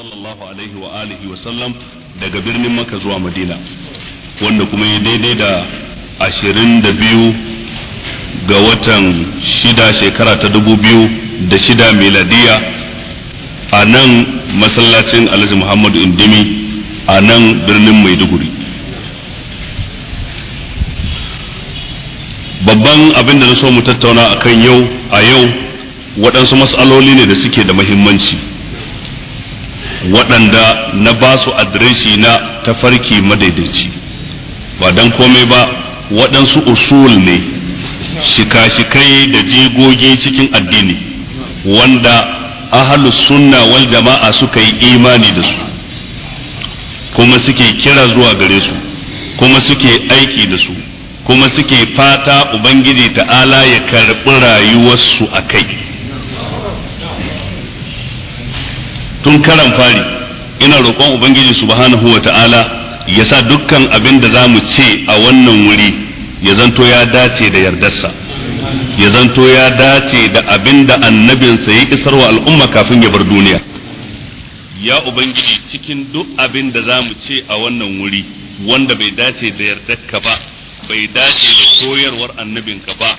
sallallahu alaihi wa alihi wa sallam daga birnin maka zuwa Madina wanda kuma ya daidai da ashirin da biyu ga watan shida shekara ta da 2006 miladiya a nan masallacin Alhaji Muhammadu Indimi a nan birnin Maiduguri babban abin da na so mu tattauna a kan yau a yau waɗansu matsaloli ne da suke da mahimmanci waɗanda na ba su adireshi na tafarki madaidaici ba don komai ba waɗansu usul ne shika-shikai da jigogi cikin addini wanda ahalus sunna wal jama'a suka yi imani da su kuma suke kira zuwa gare su kuma suke aiki da su kuma suke fata ubangiji ta'ala ya karɓi rayuwarsu a kai tun karan fari ina roƙon ubangiji subhanahu wa ta'ala ya sa dukkan abin da za mu ce a wannan wuri ya zanto ya dace da yardarsa ya zanto ya dace da abin da annabinsa ya isar wa al'umma kafin ya bar duniya ya ubangiji cikin duk abin da za mu ce a wannan wuri wanda bai dace da yardarka ba bai dace da koyarwar annabinka ba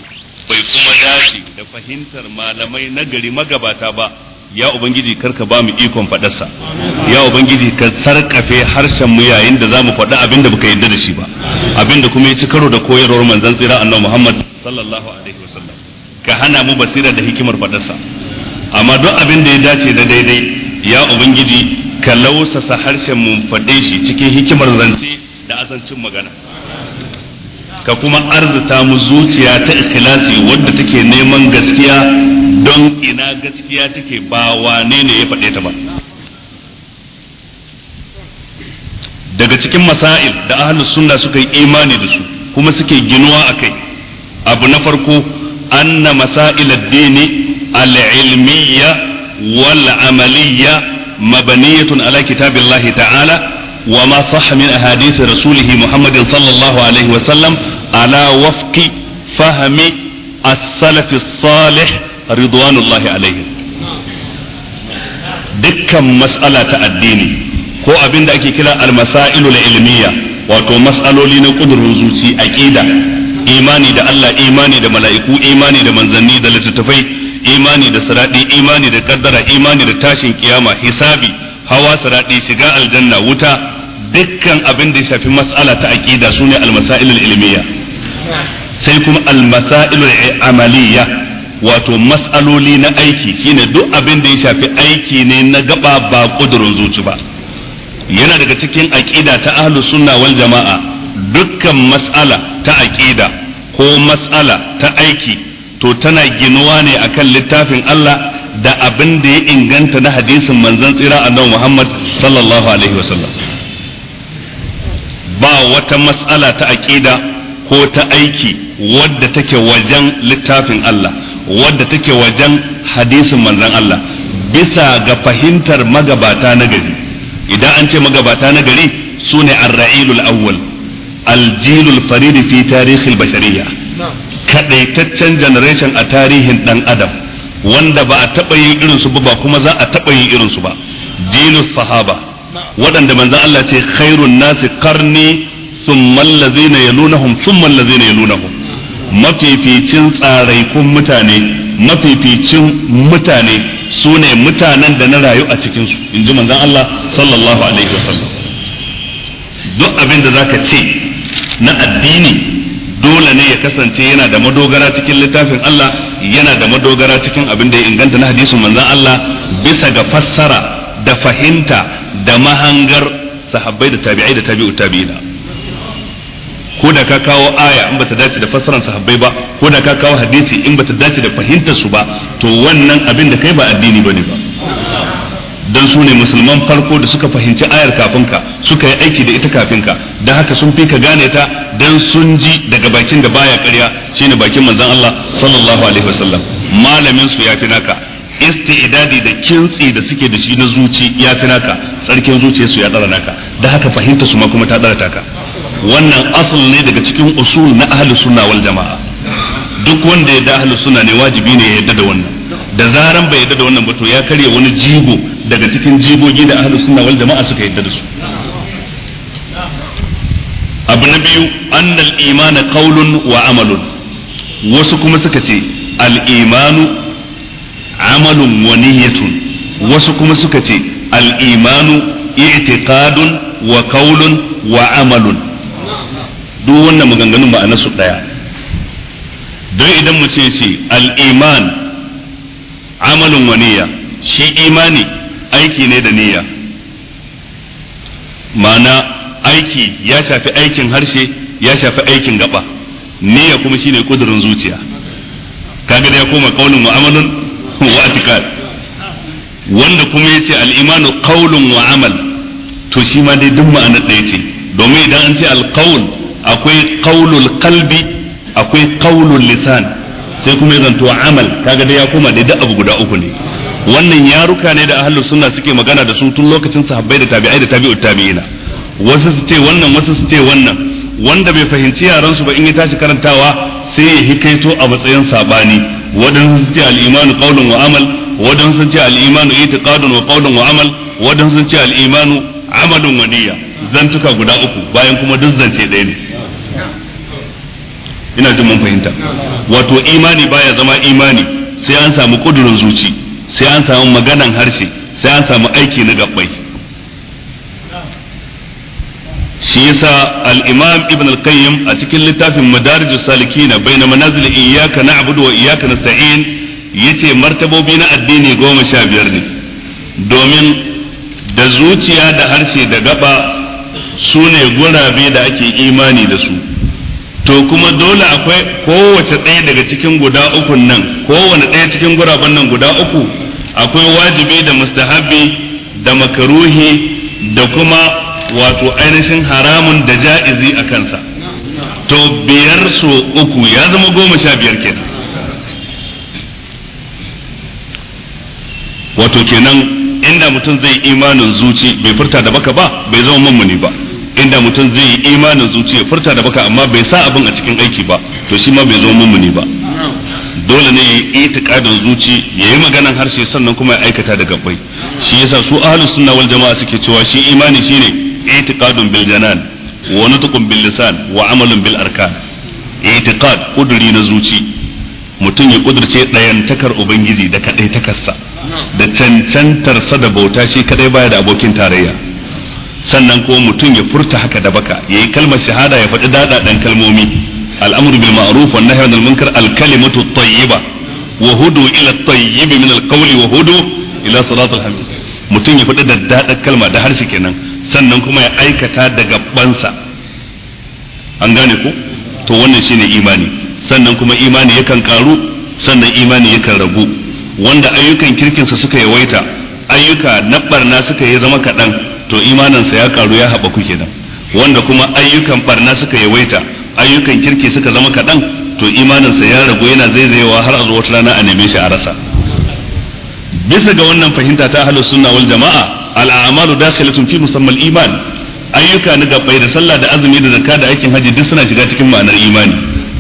bai kuma dace da fahimtar malamai nagari magabata ba ya ubangiji karka ba mu ikon fadarsa ya ubangiji ka sarkafe harshen mu yayin da zamu faɗa abinda baka yarda da shi ba abinda kuma ya ci karo da koyarwar manzon tsira annabi Muhammad sallallahu alaihi wasallam ka hana mu basira da hikimar fadarsa amma duk abinda ya dace da daidai ya ubangiji ka lausasa harshen mu faɗe shi cikin hikimar zance da azancin magana ka kuma arzuta mu zuciya ta ikhlasi wanda take neman gaskiya don ina gaskiya take ba wane ne ya faɗe ta ba daga cikin masail da ahlus sunna suka yi imani da su kuma suke ginuwa a kai abu na farko anna masail addini al-ilmiyya wal amaliyya mabaniyatun ala kitabillahi ta'ala wa ma sahha min ahadith rasulih muhammad sallallahu alaihi wa sallam ala wafqi fahmi as-salaf as-salih ridwanullahi alaihim dukkan mas'ala ta addini ko abin da ake kira almasailu ilmiya wato mas'aloli na kudurin zuci aqida imani da Allah imani da mala'iku imani da manzanni da littattafai imani da saradi imani da kaddara imani da tashin kiyama hisabi hawa saradi shiga aljanna wuta dukkan abin da ya shafi mas'ala ta aqida sune almasailul ilmiya sai kuma almasailul amaliya wato mas'aloli na aiki shine duk abin da ya shafi aiki ne na gaba ba kudurin zuci ba yana daga cikin aqida ta ahlus sunna wal jama'a dukkan mas'ala ta aqida ko mas'ala ta aiki to tana ginuwa ne akan littafin Allah da abin da ya inganta na hadisin manzon tsira annabi Muhammad sallallahu alaihi wasallam ba wata mas'ala ta aqida ko ta aiki wadda take wajen littafin Allah wadda take wajen hadisin manzan Allah bisa ga fahimtar magabata na gari idan an ce magabata na gari su ne arra'ilul awwal aljilul farid fi tarihil bashariya kadaitaccen generation a tarihin dan adam wanda ba a taba yin irin su ba kuma za a taba yin irin su ba jilul sahaba waɗanda manzan Allah ce khairun nasi qarni thumma allazina yalunahum thumma allazina yalunahum mafificin tsaraikun mutane mafificin mutane su ne mutanen da na rayu a cikinsu in ji manzan Allah sallallahu alaihi wasallam duk abin da za ka ce na addini dole ne ya kasance yana da madogara cikin littafin Allah yana da madogara cikin abin da ya inganta na hadisun manzan Allah bisa ga fassara da fahimta da mahangar sahabbai da tabi'ai da tabi'u tabi'ina ko da ka kawo aya in bata dace da fassaran sahabbai ba ko da ka kawo hadisi in bata dace da fahimtar su ba to wannan abin da kai ba addini bane ba dan su ne musulman farko da suka fahimci ayar kafin ka suka yi aiki da ita kafin ka dan haka sun fi ka gane ta dan sun ji daga bakin da baya ƙarya shine bakin manzon Allah sallallahu alaihi wasallam malamin su ya fi naka isti'dadi da kintsi da suke da shi na zuci ya fi naka tsarkin zuciyarsu ya tsara naka da haka fahimta su ma kuma ta tsara taka wannan asal ne daga cikin usul na ahlus sunna wal jama'a duk wanda ya da ahlus sunna ne wajibi ne ya yadda da wannan da zaran bai yadda da wannan ba to ya karya wani jigo daga cikin jigogi da ahlus sunna wal jama'a suka yadda da su abu na biyu annal iman qaulun wa amalun wasu kuma suka ce al imanu amalun wa niyyatun wasu kuma suka ce al imanu i'tiqadun wa qaulun wa amalun duk wannan maganganun ma'anar su daya don idan mu ce ce al-iman amalun wa niyya shi imani aiki ne da niyya ma'ana aiki ya shafi aikin harshe ya shafi aikin gaba niyya kuma shine kudurin zuciya kaga da ya koma kaulin wa amalun wa atiqad wanda kuma yace al-imanu qaulun wa amal to shi ma dai duk ma'anar ɗaya ce domin idan an ce alqaul akwai qaulul kalbi akwai qaulul lisan sai kuma ya zanto amal kaga dai ya koma dai duk abu guda uku ne wannan yaruka ne da ahlus sunna suke magana da su tun lokacin sahabbai da tabi'ai da tabi'ut tabi'ina wasu su ce wannan wasu su ce wannan wanda bai fahimci yaran su ba in ya tashi karantawa sai ya hikaito a matsayin sabani wadansu su ce al-imanu qaulun wa amal wadansu su ce al-imanu itiqadun wa qaulun wa amal wadansu su ce al-imanu amalun wa niyya zantuka guda uku bayan kuma duk zance ɗaya ne ina jin mun fahimta wato imani baya zama imani sai an samu kudurin zuci sai an samu maganan harshe sai an samu aiki na gabbai shi yasa al-imam ibn al-qayyim a cikin littafin madarijus salikina baina manazil iyyaka na'budu wa iyyaka nasta'in yace martabobi na addini goma sha biyar ne domin da zuciya da harshe da gaba su ne gurabe da ake imani da su to kuma dole akwai kowace ɗaya daga cikin guda uku nan kowane ɗaya cikin guraben nan guda uku akwai wajibi da mustahabi da makaruhi da kuma wato ainihin haramun da ja'izi a kansa to biyar so uku ya zama goma sha biyar kenan wato kenan inda mutum zai imanin zuci bai furta da baka ba bai zama mummuni ba inda mutum zai yi imanin zuciya furta da baka amma bai sa abin a cikin aiki ba to shi ma bai zo mummuni ba dole ne ya yi itikadin zuci ya yi maganan harshe sannan kuma ya aikata da gabbai shi yasa su ahlus sunna wal jama'a suke cewa shi imani shine itikadun bil janan wa nutqun bil lisan wa amalun bil arkan itiqad kuduri na zuci mutum ya kudurce dayantakar ubangiji da kadai takarsa da cancantarsa da bauta shi kadai baya da abokin tarayya sannan ko mutum ya furta haka da baka yayi kalmar shahada ya faɗi daɗaɗɗen kalmomi al'amru bil ma'ruf wan nahyu anil munkar al kalimatu tayyiba wa hudu ila at-tayyib min al qawli wa hudu ila sirat al hamid mutum ya faɗi daɗaɗɗen kalma da harshe kenan sannan kuma ya aikata daga bansa. an gane ku. to wannan shine imani sannan kuma imani yakan karu sannan imani yakan ragu wanda ayyukan kirkinsa suka yawaita ayyuka na barna suka yi zama kaɗan to imaninsa ya karu ya haɓaku kenan wanda kuma ayyukan barna suka yawaita ayyukan kirki suka zama kaɗan to imaninsa ya ragu yana zaizayewa har a zo wata rana a neme shi a rasa bisa ga wannan fahimta ta halar sunna wal jama'a al a'malu dakhilatun fi musammal iman ayyuka na gabai da sallah da azumi da zakka da aikin haji duk suna shiga cikin ma'anar imani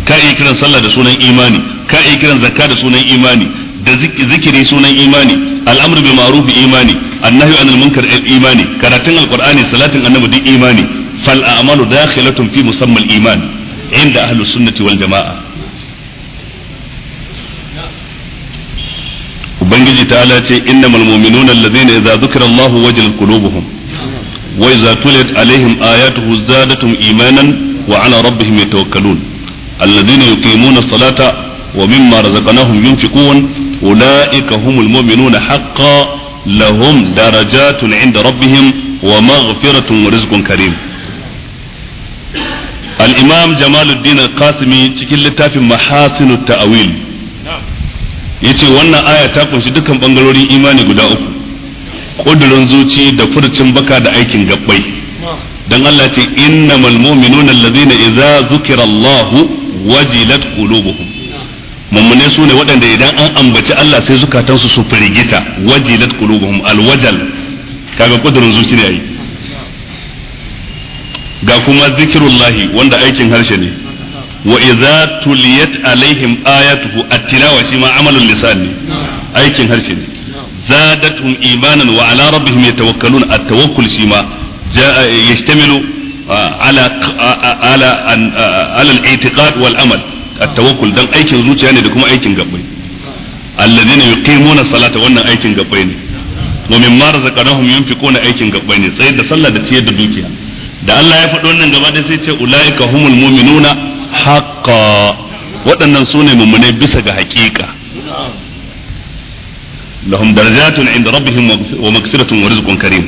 ka iya kiran sallah da sunan imani ka iya kiran zakka da sunan imani da zikiri sunan imani al'amru bil ma'ruf imani annahi anil munkar imani karatun alqur'ani salatin annabi duk imani fal a'malu dakhilatun fi musammal iman inda ahlus sunnati wal jamaa ubangiji ta'ala ce innamal mu'minuna alladhina idza dhukira allahu wajilat qulubuhum wa idza tuliyat alaihim ayatuhu zadatuhum imanan wa ala rabbihim yatawakkalun alladhina yuqimuna as-salata wa mimma razaqnahum yunfiqun ulaika humul mu'minuna haqqan lahum darajatun inda rabbihim wa maghfiratun wa rizqun karim al-imam jamaluddin al-qasimi cikin littafin mahasinut ta'wil yace wannan aya ta kunshi dukkan bangarorin imani guda uku kudurin zuci da furcin baka da aikin gabbai dan Allah ce innamal mu'minuna allazina idza zukira Allahu wajilat qulubuhum mummune su ne waɗanda idan an ambaci Allah sai zukatansu su firgita wajilat qulubuhum alwajal kaga kudurin zuci ne ai ga kuma zikirullahi wanda aikin harshe ne wa idza tuliyat alaihim ayatuhu at shi ma amalul lisan ne aikin harshe ne imanan wa ala rabbihim yatawakkalun at-tawakkul shi ma yashtamilu ala ala al-i'tiqad wal amal at-tawakkul dan aikin zuciya ne da kuma aikin gabbai alladhina yuqimuna salata wannan aikin gabbai ne wa mimma razaqnahum yunfiquna aikin gabbai ne sai da sallah da ciyar da dukiya da Allah ya faɗi wannan gaba da sai ce ulaika humul mu'minuna haqqan waɗannan sune mummunai bisa ga haƙiƙa lahum darajatun inda rabbihim wa maghfiratun wa rizqun karim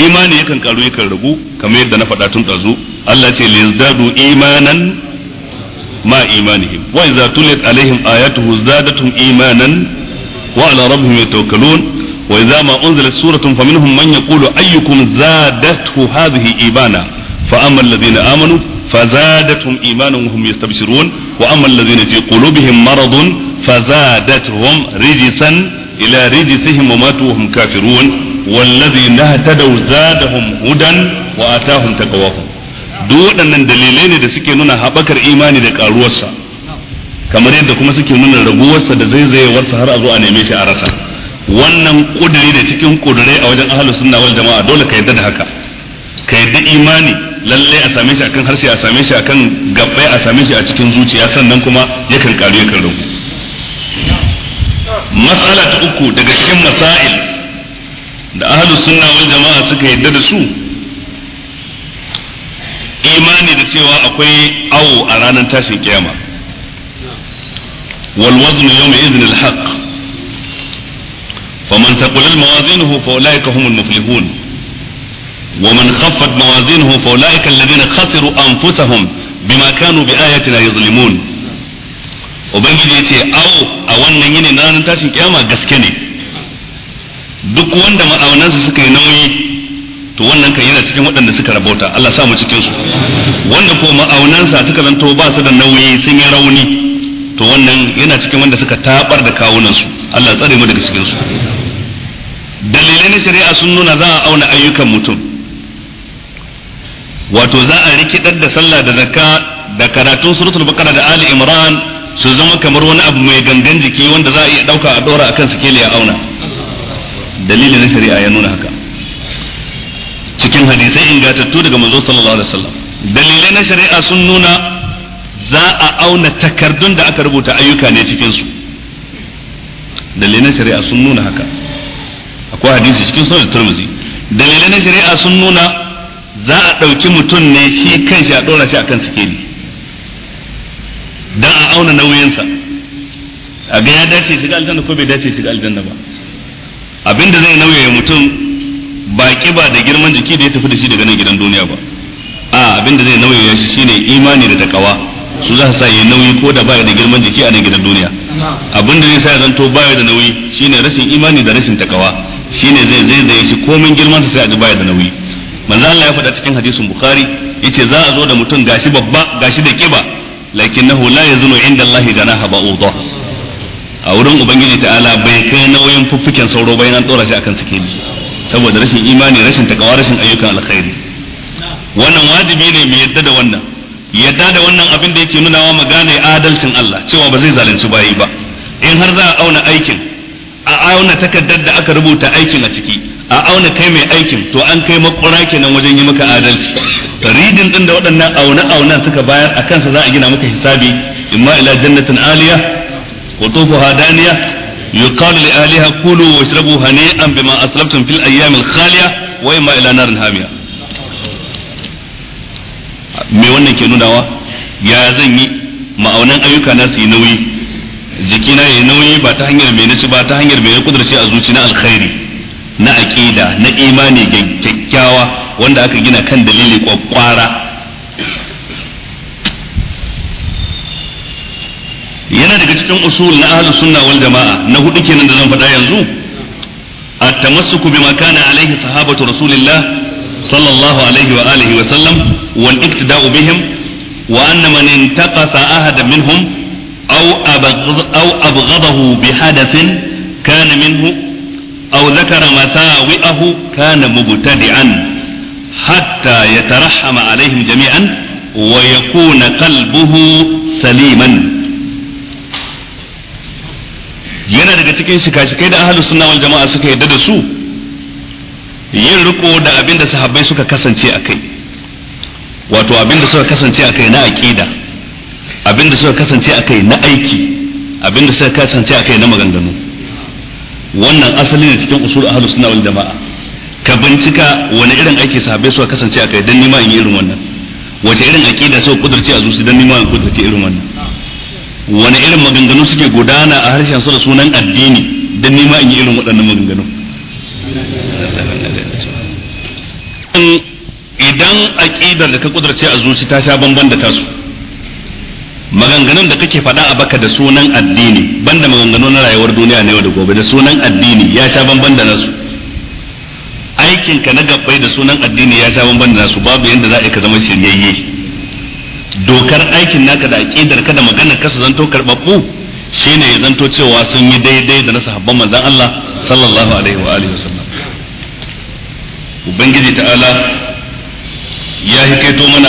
imani yakan karu yakan ragu kamar yadda na faɗa tun ɗazu Allah ce lizdadu imanan مع إيمانهم وإذا تليت عليهم آياته زادتهم إيمانا وعلى ربهم يتوكلون وإذا ما أنزلت سورة فمنهم من يقول أيكم زادته هذه إيمانا فأما الذين آمنوا فزادتهم إيمانا وهم يستبشرون وأما الذين في قلوبهم مرض فزادتهم رجسا إلى رجسهم وماتوا وهم كافرون والذين اهتدوا زادهم هدى وآتاهم تقواهم duk waɗannan dalilai ne da suke nuna haɓakar imani da ƙaruwarsa kamar yadda kuma suke nuna raguwarsa da zaizayewarsa har a zo a neme shi a rasa wannan ƙudiri da cikin ƙudirai a wajen ahalus sunna wal jama'a dole ka yadda da haka ka yadda imani lallai a same shi akan harshe a same shi akan gabbai a same shi a cikin zuciya sannan kuma yakan ƙaru yakan ragu mas'ala ta uku daga cikin masail da ahlus sunna wal jama'a suka yadda da su imani da cewa akwai awo a ranar tashin kiyama wal wazn yawma idhin al haqq faman thaqulat mawazinuhu fa ومن خفت موازينه فأولئك الذين خسروا أنفسهم بما كانوا بآياتنا يظلمون ubangiji ya ce awo a wannan yinin na ranar tashin kiyama gaske ne duk wanda ma'aunansu suka yi nauyi to wannan kan yana cikin waɗanda suka rabauta Allah sa mu cikin su wanda ko ma'aunansa suka zanto ba su da nauyi sun yi rauni to wannan yana cikin wanda suka tabar da kawunan su Allah tsare mu daga cikin su dalilai na shari'a sun nuna za a auna ayyukan mutum wato za a rikidar da sallah da zakka da karatun suratul baqara da ali imran su zama kamar wani abu mai gangan jiki wanda za a iya dauka a dora akan sikeli a auna dalilin shari'a ya nuna haka cikin hadisai ingantattu daga manzo sallallahu alaihi wasallam dalilai na shari'a sun nuna za a auna takardun da aka rubuta ayyuka ne cikin su dalilai na shari'a sun nuna haka akwai hadisi cikin sunan tirmidhi dalilai na shari'a sun nuna za a ɗauki mutum ne shi kanshi a ɗora shi akan sikeli dan a auna nauyinsa a ga ya dace shiga aljanna ko bai dace shiga aljanna ba abinda zai nauye mutum ba kiba da girman jiki da ya tafi da shi daga nan gidan duniya ba a abin da zai nauyi shi shine imani da takawa su za su sa ya nauyi ko da baya da girman jiki a nan gidan duniya abin da zai sa ya zanto baya da nauyi shine rashin imani da rashin takawa shine zai zai da shi mun girman sa sai a ji baya da nauyi manzo Allah ya faɗa cikin hadisin bukhari yace za a zo da mutum gashi babba gashi da kiba lakinnahu la yazunu inda Allah haba ba'udha a wurin ubangiji ta'ala bai kai nauyin fuffuken sauro bayan an dora shi akan sikeli saboda rashin imani rashin takawa rashin ayyukan alkhairi wannan wajibi ne mu yadda da wannan yadda da wannan abin da yake nuna wa magana adalcin Allah cewa ba zai zalunci bayi ba in har za a auna aikin a auna takaddar da aka rubuta aikin a ciki a auna kai mai aikin to an kai makura kenan wajen yi maka adalci taridin din da waɗannan auna aunan suka bayar a kansa za a gina maka hisabi imma ila jannatin aliya tufuha daniya yuqalu li aliha kulu washrabu hani'an bima aslaftum fil ayyam al khaliya wa imma hamiya me wannan ke nunawa ya zan yi ma'aunan ayyuka na su yi nauyi jikina ya nauyi ba ta hanyar mai nashi ba ta hanyar mai kudurce a zuci na alkhairi na aƙida na imani kyakkyawa wanda aka gina kan dalili kwakwara yana daga cikin usul na ahlus sunna wal jama'a na hudu kenan da zan faɗa yanzu at-tamassuku bima kana alaihi sahabatu rasulillah sallallahu alaihi wa alihi wa sallam wal iktida'u bihim wa anna man intaqasa ahadan minhum aw abghad aw abghadahu bi hadathin kana minhu aw dhakara masawi'ahu kana mubtadi'an hatta yatarahhama alaihim jami'an wa yakuna qalbuhu saliman yana daga cikin shika-shikai da ahalus sunna wal jama'a suka yadda da su yin riko da abin da sahabbai suka kasance a kai wato abin da suka kasance a kai na aqida abin da suka kasance a kai na aiki abin da suka kasance a kai na maganganu wannan asali ne cikin usul ahalus sunna wal jama'a ka bincika wani irin aiki sahabbai suka kasance a kai dan nima in yi irin wannan wace irin aqida suka kudurci a zuci dan nima in kudurci irin wannan wani irin maganganu suke gudana a harshen su da sunan addini don nema in yi irin waɗannan maganganu idan aƙidar da ka kudurce a zuci ta sha bamban da tasu maganganun da kake faɗa a baka da sunan addini banda maganganu na rayuwar duniya na yau da gobe da sunan addini ya sha bamban da nasu aikinka na gabbai da sunan addini ya sha bamban da nasu babu yadda za a yi ka zama shiryayye dokar aikin naka da aƙidar ka da maganar ka su zanto shi ne zan zanto cewa sun yi daidai da na sahabban manzan Allah sallallahu alaihi wa alihi wasallam ubangiji ta'ala ya kaito mana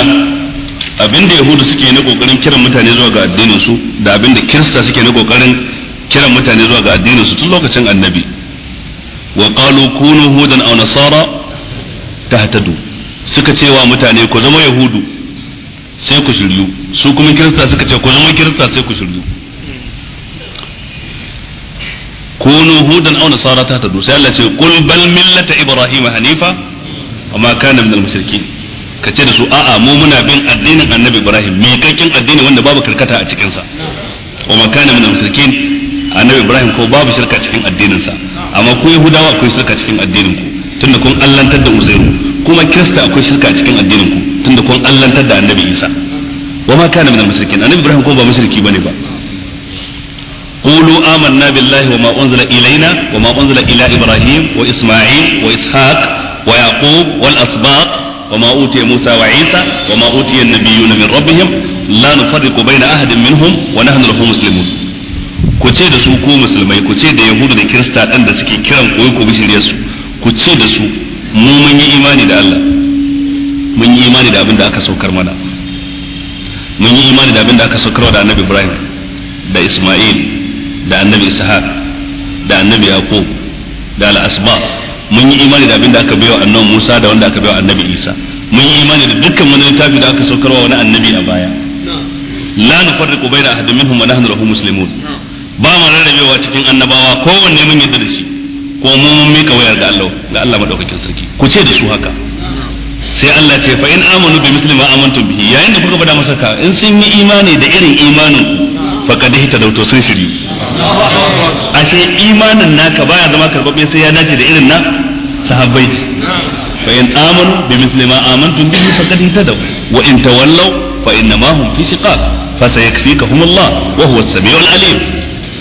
abin da yahudu suke na kokarin kiran mutane zuwa ga addinin su da abin da kirista suke na kokarin kiran mutane zuwa ga addinin su tun lokacin annabi wa qalu kunu hudan aw nasara tahtadu suka cewa mutane ku zama yahudu sai ku shiryu su kuma kirista suka ce ku zama kirista sai ku shiryu kunu hudan aw nasara ta tadu sai Allah ce qul bal millata ibrahima hanifa amma kana min al-mushrikin kace da su a'a mu muna bin addinin annabi ibrahim mai kakkin addini wanda babu karkata a cikin sa wa ma kana min al-mushrikin annabi ibrahim ko babu shirka cikin addinin sa amma ku yahudawa akwai shirka cikin addinin ku tunda kun allantar da uzairu kuma kirista akwai shirka cikin addinin ku tunda kun allantar da annabi isa wa ma kana minal mushrikin annabi ibrahim ko ba mushriki bane ba قولوا آمنا بالله وما أنزل إلينا وما أنزل إلى إبراهيم وإسماعيل وإسحاق ويعقوب والأسباط وما أوتي موسى وعيسى وما أوتي النبيون من ربهم لا نفرق بين أحد منهم ونحن له مسلمون ku ce da su ko musulmai ku ce da yahudu da kirista ɗan da suke kiran koyi ku bi su ku ce da su mu mun yi imani da Allah mun yi imani da abin da aka saukar mana mun yi imani da abin da aka saukar da annabi ibrahim da isma'il da annabi ishaq da annabi yaqub da al mun yi imani da abin da aka bayar annabi musa da wanda aka bayar annabi isa mun yi imani da dukkan wani littafi da aka saukar wa wani annabi a baya la nufarriqu bayna ahadin minhum wa nahnu lahu muslimun ba mu rarrabewa cikin annabawa kowanne mun yarda da shi ko mun mika wayar ga Allah ga Allah madaukakin sarki ku ce da su haka sai Allah ce fa in amanu bi misli ma amantum bihi yayin da kuka bada masa ka in sun yi imani da irin imanin fa kad hita dauto sun shiri ashe imanin naka baya zama karbabbe sai ya dace da irin na sahabbai fa in amanu bi misli ma amantum bihi fa kad hita daw wa in tawallaw fa inna ma hum fi shiqaq fa sayakfikahum Allah wa huwa as-sami'ul alim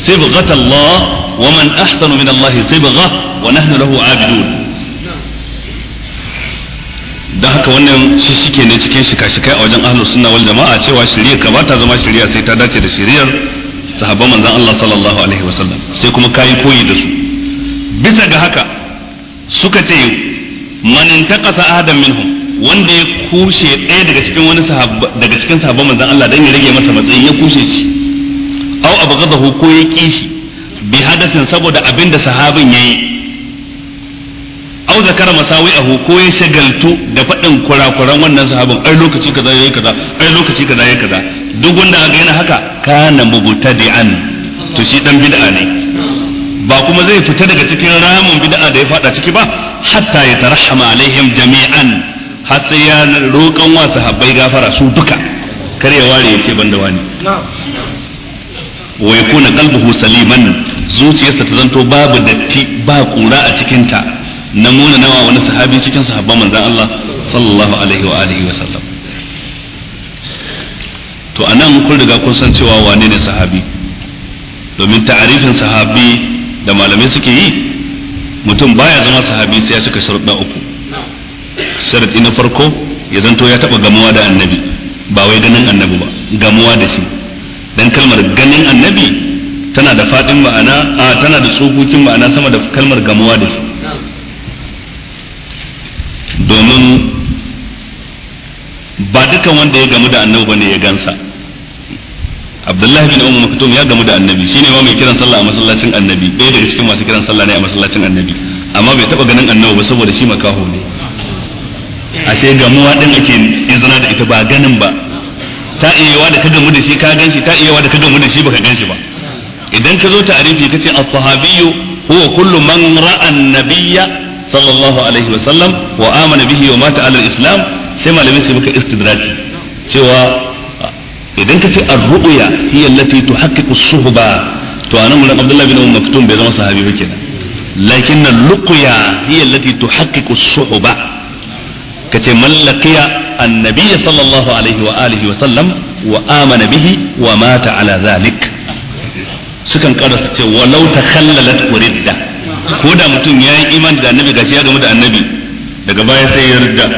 sibghatallah wa man ahsanu min Allah sibghah wa nahnu lahu 'abidun don haka wannan shi shike ne cikin shika-shikai a wajen ahlus sunna wal jama'a cewa shari'a ka ba ta zama shari'a sai ta dace da shari'ar sahabban manzon Allah sallallahu alaihi wasallam sai kuma kai koyi da su bisa ga haka suka ce man intaqasa adam minhum wanda ya kushe ɗaya daga cikin wani sahabba daga cikin sahabban manzon Allah dan ya rage masa matsayi ya kushe shi aw abghadahu ko ya kishi bi hadathin saboda abinda sahabin yayi aw zakara masawi'ahu ko ya shagaltu da faɗin kurakuran wannan sahabin ai lokaci kaza yayi kaza ai lokaci kaza yayi kaza duk wanda aka yana haka kana mubtadi'an to shi dan bid'a ne ba kuma zai fita daga cikin ramin bid'a da ya fada ciki ba hatta ya tarahama alaihim jami'an har sai ya roƙan wa sahabbai gafara su duka kar ya ware ya ce banda wani wa yakuna qalbuhu saliman zuciyarsa ta zanto babu datti ba kura a cikinta na muna nawa wani sahabi cikin sahabban manzon Allah sallallahu alaihi wa alihi wa sallam to anan kun riga kun san cewa wane ne sahabi domin ta'arifin sahabi da malamai suke yi mutum baya zama sahabi sai ya cika sharuɗa uku sharaɗi na farko ya zanto ya taɓa gamuwa da annabi ba wai ganin annabi ba gamuwa da shi dan kalmar ganin annabi tana da faɗin ma'ana a tana da tsokokin ma'ana sama da kalmar gamuwa da shi domin ba dukan wanda ya gamu da annabi bane ya gansa abdullahi bin umar maktum ya gamu da annabi shine ma mai kiran sallah a masallacin annabi ɗaya daga cikin masu kiran sallah ne a masallacin annabi amma bai taba ganin annabi ba saboda shi makaho ne ashe gamuwa din ake izina da ita ba ganin ba ta iyawa da ka gamu da shi ka ganshi ta iyawa da ka gamu da shi baka ganshi ba idan ka zo ta'arifi kace as-sahabiyyu huwa kullu man ra'a an-nabiyya sallallahu alaihi wa sallam wa amana bihi wa mata alal islam sai malamai sai muka istidraki cewa idan ka ce ar-ru'ya hiya allati tuhaqqiqu suhba to anan mulan abdullahi bin umar maktum bai zama sahabi ba kenan lakin al-luqya hiya allati tuhaqqiqu suhba kace man laqiya annabiy sallallahu alaihi wa alihi wa sallam wa amana bihi wa mata ala sukan karasa ce walau takhallalat quridda ko da mutum ya yi imani da annabi gashi ya gamu da annabi daga baya sai ya rida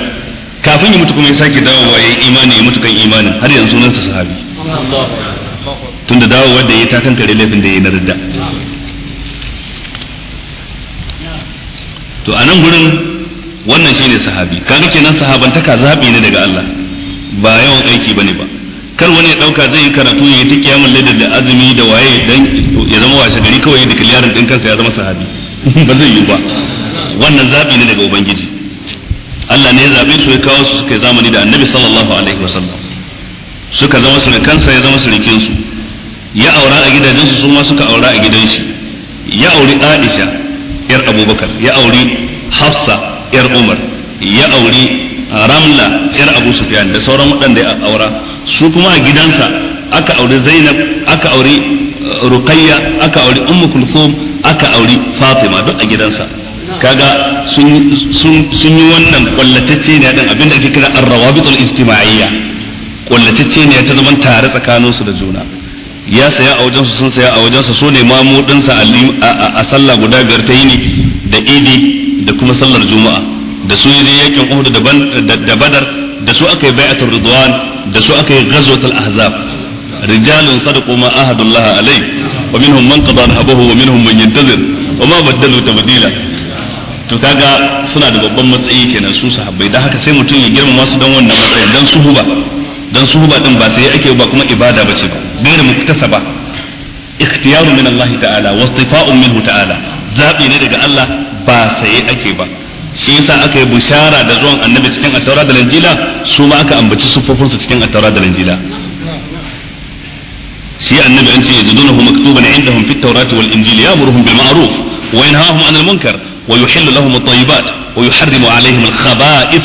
kafin ya mutu kuma ya sake dawowa ya yi imani ya mutu kan imani har yanzu sunansa sahabi tun da dawowa da ya ta kankare laifin da ya yi na rida to a nan gurin wannan shine sahabi kaga kenan sahabantaka zabi ne daga Allah ba yawan aiki bane ba kar wani ya dauka zai yi karatu ya yi ta kiyamun lailal da azumi da waye dan ya zama washe gari kawai da kiliyarin din kansa ya zama sahabi ba zai yi ba wannan zaɓi ne daga ubangiji Allah ne ya zabe su ya kawo su suka zamani da annabi sallallahu alaihi wasallam suka zama su kansa ya zama surikin su ya aura a gidajen su ma suka aura a gidan shi ya auri Aisha yar Abubakar ya auri Hafsa yar Umar ya auri Ramla yar Abu Sufyan da sauran waɗanda ya aura su kuma a gidansa aka aure Zainab aka aure eh, Ruqayya aka aure Ummu Kulthum aka auri fatima duk a gidansa kaga sun yi wannan kwallatacce ne din da ake kira arrawabitul istima'iyya kwallatacce ne ta zaman tare tsakaninsu da juna ya saya a wajensu sun saya a wajensa so ne mamu dinsa a sallah guda biyar ta yini da idi da kuma sallar juma'a da su yi yakin uhud da badar da su aka yi bai'atul ridwan da su aka yi ghazwatul ahzab rijalun sadaqu ma ahadullah alayhi wa من قضى qada ومنهم wa ينتظر وما بدلوا wa to kaga suna da babban matsayi kenan su sahabbai dan haka sai mutum ya girmama su dan wannan matsayin dan suhuba dan suhuba din ba sai ake ba kuma ibada bace ba gaira muktasaba ikhtiyaru min Allah ta'ala wastifa'un minhu ta'ala zabi ne daga Allah ba sai ake ba shi yasa aka yi bishara da zuwan annabi cikin attaura da lanjila su ma aka ambaci sufofin su cikin attaura da lanjila شيء النبي أنت يجدونه مكتوبا عندهم في التوراة والإنجيل يأمرهم بالمعروف وينهاهم عن المنكر ويحل لهم الطيبات ويحرم عليهم الخبائث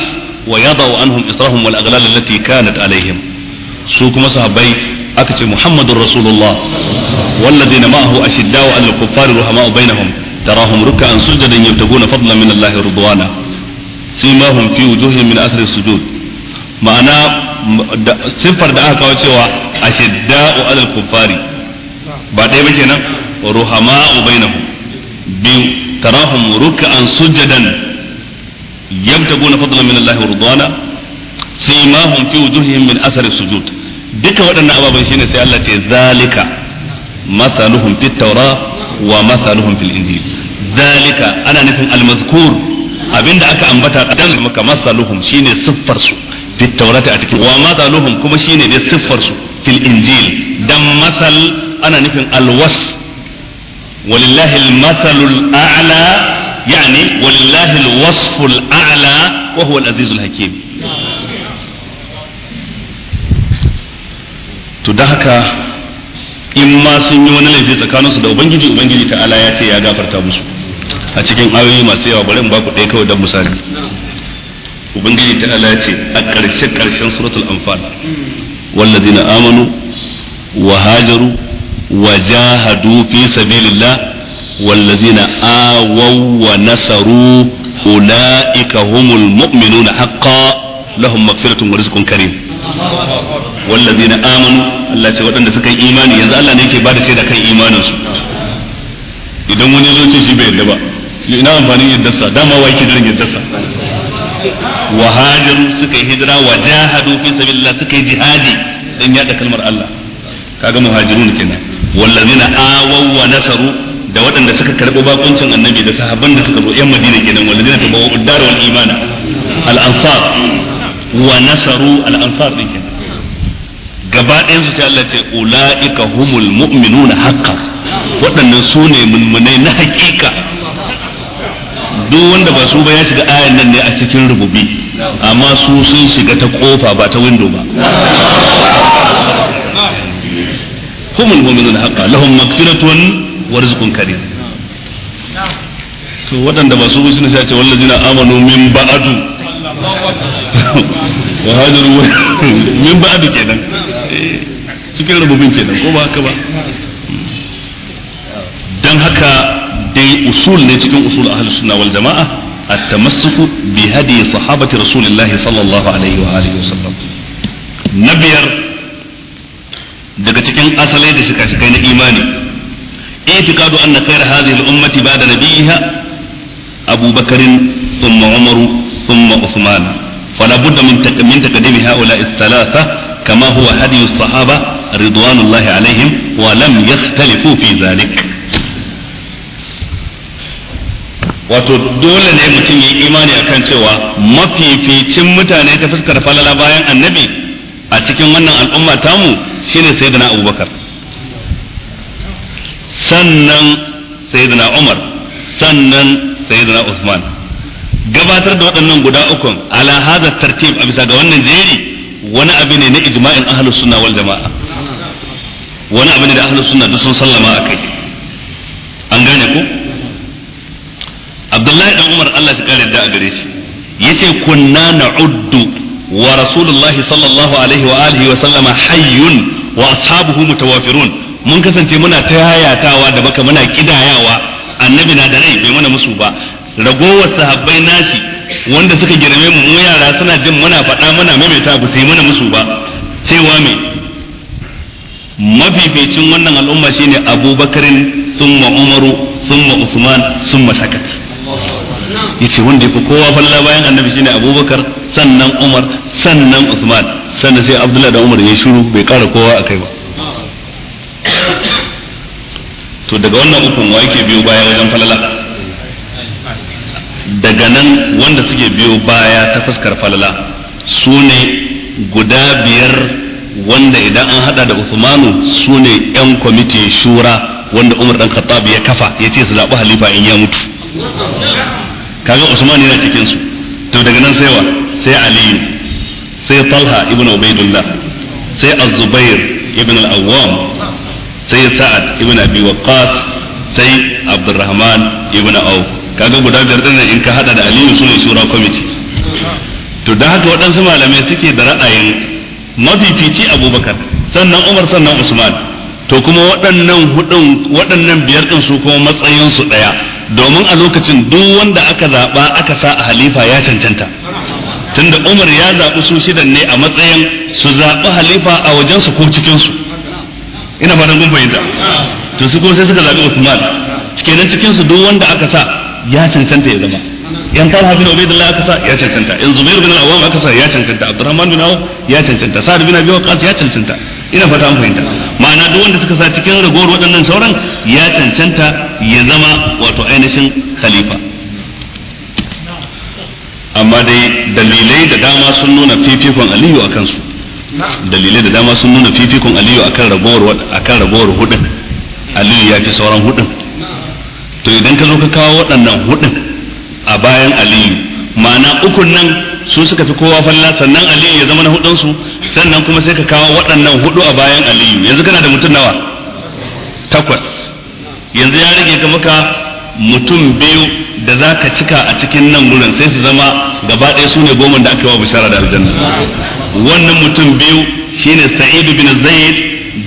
ويضع عنهم إصرهم والأغلال التي كانت عليهم سوكم صحابي أكتب محمد رسول الله والذين معه أشداء على الكفار رحماء بينهم تراهم ركعا سجدا يبتغون فضلا من الله رضوانا سيماهم في وجوههم من أثر السجود معناه siffar da aka kawo cewa ashidda'u alal kuffari ba ɗaya ba kenan ruhama'u bainahum biyu tarahum ruk'an sujadan yabtaguna fadlan min Allah wa ridwana simahum fi wujuhihim min athar sujud duka waɗannan ababen shine sai Allah ce zalika masaluhum fit tawra wa masaluhum fil injil zalika ana nufin al-mazkur abinda aka ambata dan maka masaluhum shine siffar su fi taurata wa mazaluhum kuma shine ne siffar su fil injil dan masal ana nufin alwas walillahi almasalul a'la yani walillahi alwasful hakim to da haka in ma sun yi wani laifi tsakaninsu da ubangiji ubangiji ala ya ce ya gafarta musu a cikin ayoyi masu yawa bari in ba ku ɗaya kawai don misali ubangiji ta ala ce a ƙarshe ƙarshen suratul anfal na amanu wa hajaru wa jahadu fi sabilillah na awaw wa nasaru ulaika humul mu'minuna haqqan lahum maghfiratun wa rizqun karim na amanu Allah ce waɗanda suka yi imani yanzu Allah ne yake bada shaida kan imaninsu idan wani zo ce shi bai yarda ba ina amfanin yaddarsa dama wa yake jiran yaddarsa wa hajaru hijira wa jahadu fi sabilillah suka yi jihadi dan yada kalmar Allah kaga muhajirun kenan wallazina wa nasaru da waɗanda suka karɓi bakuncin annabi da sahabban da suka zo yan madina kenan wallazina tabawu dar wal imana al wa nasaru al din kenan gaba ɗayan su sai Allah ce ulaika humul na haqqan waɗannan su ne mummunai na hakika duk wanda ba su ba ya shiga ayan nan ne a cikin rububi amma su sun shiga ta kofa ba ta window ba humul mu'minun haqqa lahum maghfiratun wa rizqun karim to waɗanda ba su suna sai ce wallazina amanu min ba'du wa hajaru min ba'du kenan eh, cikin rububin kenan ko ba haka ba dan haka dai usul ne cikin usul ahlus sunna wal jama'a التمسك بهدي صحابة رسول الله sallallahu alaihi wa وآله وسلم نبير daga cikin asalai da suka shiga na imani i'tiqadu anna khayra hadhihi al-ummati ba'da nabiyha Abu Bakr thumma Umar thumma Uthman fala budda min takmin taqdimi haula ath-thalatha kama huwa hadi as-sahaba ridwanullahi alaihim wa lam yakhtalifu fi dhalik wato dole ne mutum yi imani akan cewa mafificin mutane ta fuskar falala bayan annabi a cikin wannan al'umma tamu shine sayyidina abubakar sannan sayyidina umar sannan sayyidina usman gabatar da waɗannan guda ukun ala hadha tartib a bisa ga wannan jeri wani abu ne na ijma'in ahlus sunna wal jama'a wani abu ne da ahlus sunna duk sun sallama akai an gane ku abdullahi dan umar Allah shi kare da a gare shi yace kunna na'uddu wa rasulullahi sallallahu alaihi wa alihi wa sallama hayyun wa ashabuhu mutawafirun mun kasance muna ta hayatawa da baka muna kidayawa annabi na da rai bai mana musu ba ragowar sahabbai nashi wanda suka girme mu mu yara suna jin muna faɗa muna maimaita ba su yi mana musu ba cewa me mafificin wannan al'umma shine abubakarin summa umaru summa usman ma sakat yace wanda yafi kowa falla bayan annabi shine abubakar sannan umar sannan usman sannan sai abdullahi da umar ya shiru bai kara kowa kai ba to daga wannan ukun wa yake biyo baya wajen falala daga nan wanda suke biyo baya ta fuskar falala su ne guda biyar wanda idan an hada da usmanu su ne 'yan kwamitin shura wanda Umar dan Khattab ya kafa ya ce su zaɓi halifa in ya mutu kaga usman yana cikin su to daga nan sai wa sai ali sai talha ibn Ubaydullah sai az-zubair ibn al-awwam sai sa'ad ibn abi waqqas sai abdurrahman ibn auf kaga guda biyar din in ka hada da aliyu ne shura committee to dan haka waɗansu malamai suke da ra'ayin mafifici abubakar sannan umar sannan usman to kuma waɗannan hudun waɗannan biyar din su kuma matsayin su daya domin a lokacin duk wanda aka zaɓa aka sa a halifa ya cancanta tunda umar ya zaɓi su shidan ne a matsayin su zaɓi halifa a wajensu ko cikinsu ina fatan kun fahimta to su kuma sai suka zaɓi usman kenan cikinsu duk wanda aka sa ya cancanta ya zama yan talha bin ubaidillah aka sa ya cancanta yanzu zubair bin al-awwam aka sa ya cancanta abdurrahman bin awf ya cancanta sa'ad bin abi waqas ya cancanta ina fata an fahimta ma'ana duk wanda suka sa cikin ragowar waɗannan sauran ya cancanta ya zama wato ainihin khalifa amma dai dalilai da dama sun nuna fifikon aliyu a kansu dalilai da dama sun nuna fifikon aliyu a kan ragowar hudun aliyu ya fi sauran hudun to idan ka zo ka kawo waɗannan hudun a bayan aliyu ma'ana ukun nan su suka fi kowa falla sannan aliyu ya zama na hudunsu sannan kuma sai ka kawo waɗannan hudu a bayan aliyu yanzu kana da mutum nawa takwas yanzu ya rage ka maka mutum biyu da za ka cika a cikin nan wurin sai su zama gaba ɗaya su ne goma da aka yi wa bishara da aljanna wannan mutum biyu shine sa'id bin zaid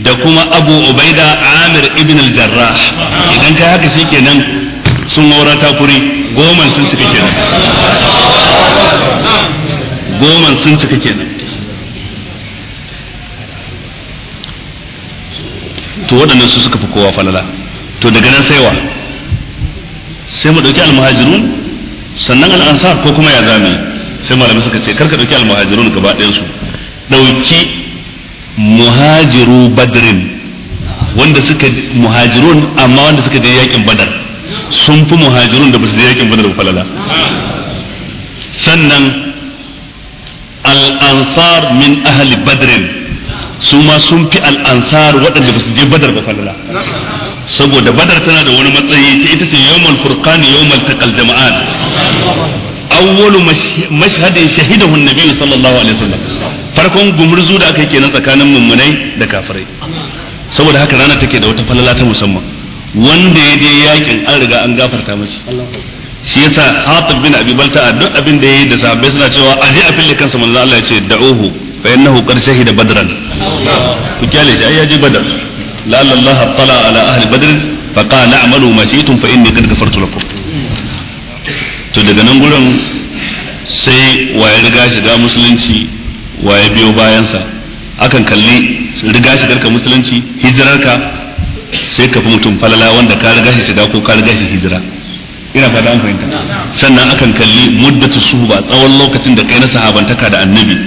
da kuma abu ubaida amir ibn al-jarrah idan kai haka shikenan sun wara takuri goma sun cika kenan goma sun cika kenan to waɗannan su suka fi kowa falala to daga nan saiwa sai mu ɗauki almuhajirun sannan al'ansar ko kuma ya zame sai malami suka ce karka ɗauki almuhajirun gaba ɗayansu ɗauki muhajiru badrin wanda suka muhajirun amma wanda suka je yakin badar sun fi muhajirun da ba su je yakin badar ba falala sannan al'ansar min ahli badrin su ma sun fi al'ansar waɗanda ba su je badar ba falala saboda badar tana da wani matsayi ta ita ce yawmal furqani yawmal taqal jama'an awwalu mashhadin shahidahu an-nabi sallallahu alaihi wasallam farkon gumurzu da aka yi kenan tsakanin mummunai da kafirai saboda haka rana take da wata falala ta musamman wanda ya je yakin an riga an gafarta mashi shi yasa Hatib bin Abi a duk abin da ya yi da sahabbai suna cewa a aje a fili kansa manzo Allah ya ce da'uhu fa innahu qad shahida badran ku kyale shi ai ya je badar la allah tala ala ahli badr fa qala a'malu ma shi'tum fa inni qad ghafartu to daga nan gurin sai waye riga shiga musulunci biyo bayansa akan kalli riga musulunci hijirarka sai ka fi mutum falala wanda ka riga shi shiga ko ka riga shi hijira ina fata an fahimta sannan akan kalli muddatu suhba tsawon lokacin da kai na sahabantaka da annabi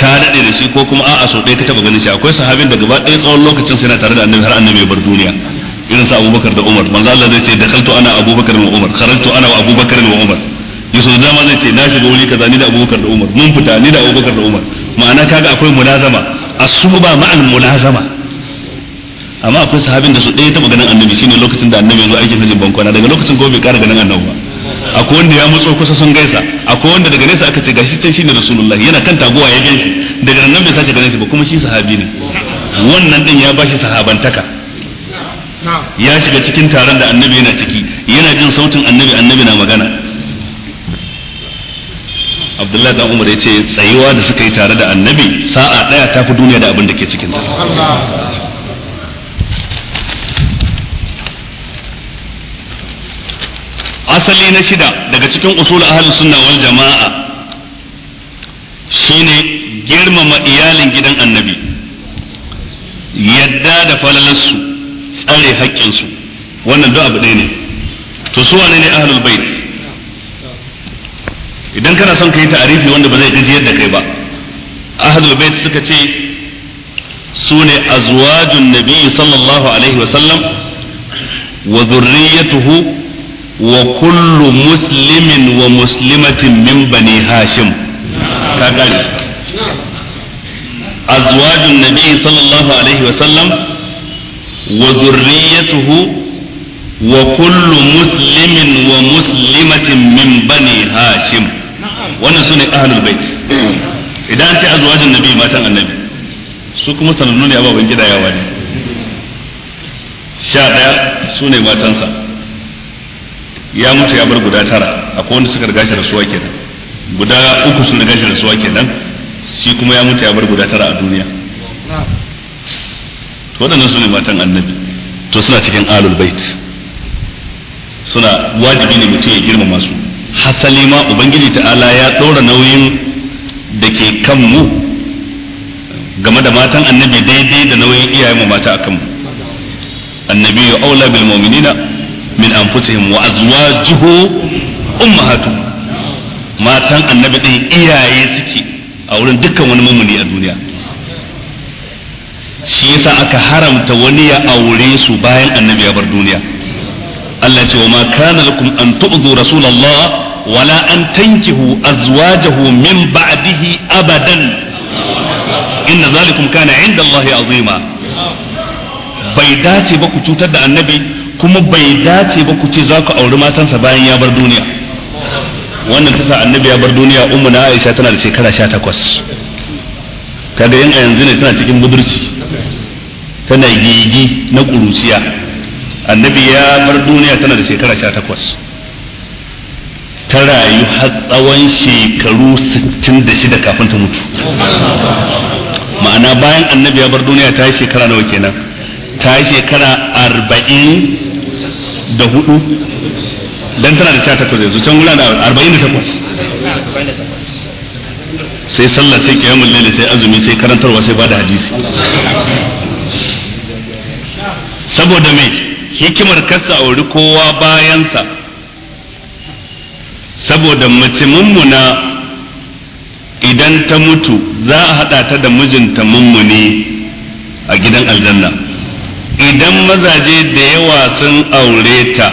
ka daɗe da shi ko kuma a'a so ɗaya ka taɓa ganin shi akwai sahabin da gaba ɗaya tsawon lokacin sai yana tare da annabi har annabi ya bar duniya irin sa abubakar da umar manzo Allah zai ce dakaltu ana abubakar da umar kharajtu ana wa abubakar da umar yusuf da ma zai ce na shiga wuri kaza ni da abubakar da umar mun fita ni da abubakar da umar ma'ana kaga akwai mulazama as-suhba ma'al mulazama amma akwai sahabin da su ɗaya taɓa ganin annabi shine lokacin da annabi ya zo aikin hajjin bankwana daga lokacin gobe bai ƙara ganin annabi akwai wanda ya matso kusa sun gaisa akwai wanda daga nesa aka ce gashi can shine rasulullahi yana kan taguwa ya ganshi daga nan bai sake ganin shi ba kuma shi sahabi ne wannan din ya bashi sahabantaka ya shiga cikin taron da annabi yana ciki yana jin sautin annabi annabi na magana abdullahi dan umar ya ce tsayuwa da suka yi tare da annabi sa'a daya ta fi duniya da abin da ke cikin ta asali na shida daga cikin usul ahlus sunna wal jama'a shine girmama iyalin gidan annabi yadda da falalarsu tsare haƙƙinsu wannan duk abu ɗaya ne to su wane ne ahlul bait idan kana son ka yi ta'arifi wanda ba zai gajiyar da kai ba ahlul bait suka ce su ne azwajun nabi sallallahu alaihi wasallam wa zurriyatuhu wa kullu muslimin wa muslimatin min bani hashim ka gani azwajun nabi sallallahu alaihi wa sallam wa zurriyatuhu wa kullu muslimin wa muslimatin min bani hashim wannan sune ahlul bait idan ce azwajun nabi matan annabi su kuma sanannu ne ababen gidayawa ne sha daya su ne matansa ya mutu ya bar guda tara akwai wanda suka riga shi rasuwa kenan guda uku sun riga shi rasuwa kenan shi kuma ya mutu ya bar guda tara a duniya to waɗannan su ne matan annabi to suna cikin alul bait suna wajibi ne mutum ya girmama su hasali ma ubangiji ta'ala ya ɗora nauyin da ke kan mu game da matan annabi daidai da nauyin iyayen mu mata akan mu annabi ya aula bil mu'minina min anfusihim wa azwajuhu ummahatu matan annabi din iyaye suke a wurin dukkan wani mamuni a duniya shi yasa aka haramta wani ya aure su bayan annabi ya bar duniya Allah ce wa ma kana lakum an tu'dhu rasulullah wala an tankihu azwajahu min ba'dihi abadan inna zalikum kana 'inda Allah azima bai dace ba ku cutar da annabi kuma bai dace ba ku ce za ku auri matansa bayan ya bar duniya wannan tasa annabi ya bar duniya ummu na Aisha tana da shekara sha Ta kaga yin a yanzu ne tana cikin budurci tana gigi na kuruciya annabi ya bar duniya tana da shekara sha takwas. ta rayu har tsawon shekaru 66 kafin ta mutu ma'ana bayan annabi ya bar duniya ta yi shekara nawa kenan ta yi shekara arba'in da hudu dan tana da tata kuzai zuciyar gura da 48 sai sallah sai kiyamul lalle sai azumi sai karantarwa sai bada hadisi saboda mai hikimar kasa auri kowa bayansa saboda mace mummuna idan ta mutu za a haɗa ta da mijinta mummuni a gidan aljanna idan mazaje da yawa sun aure ta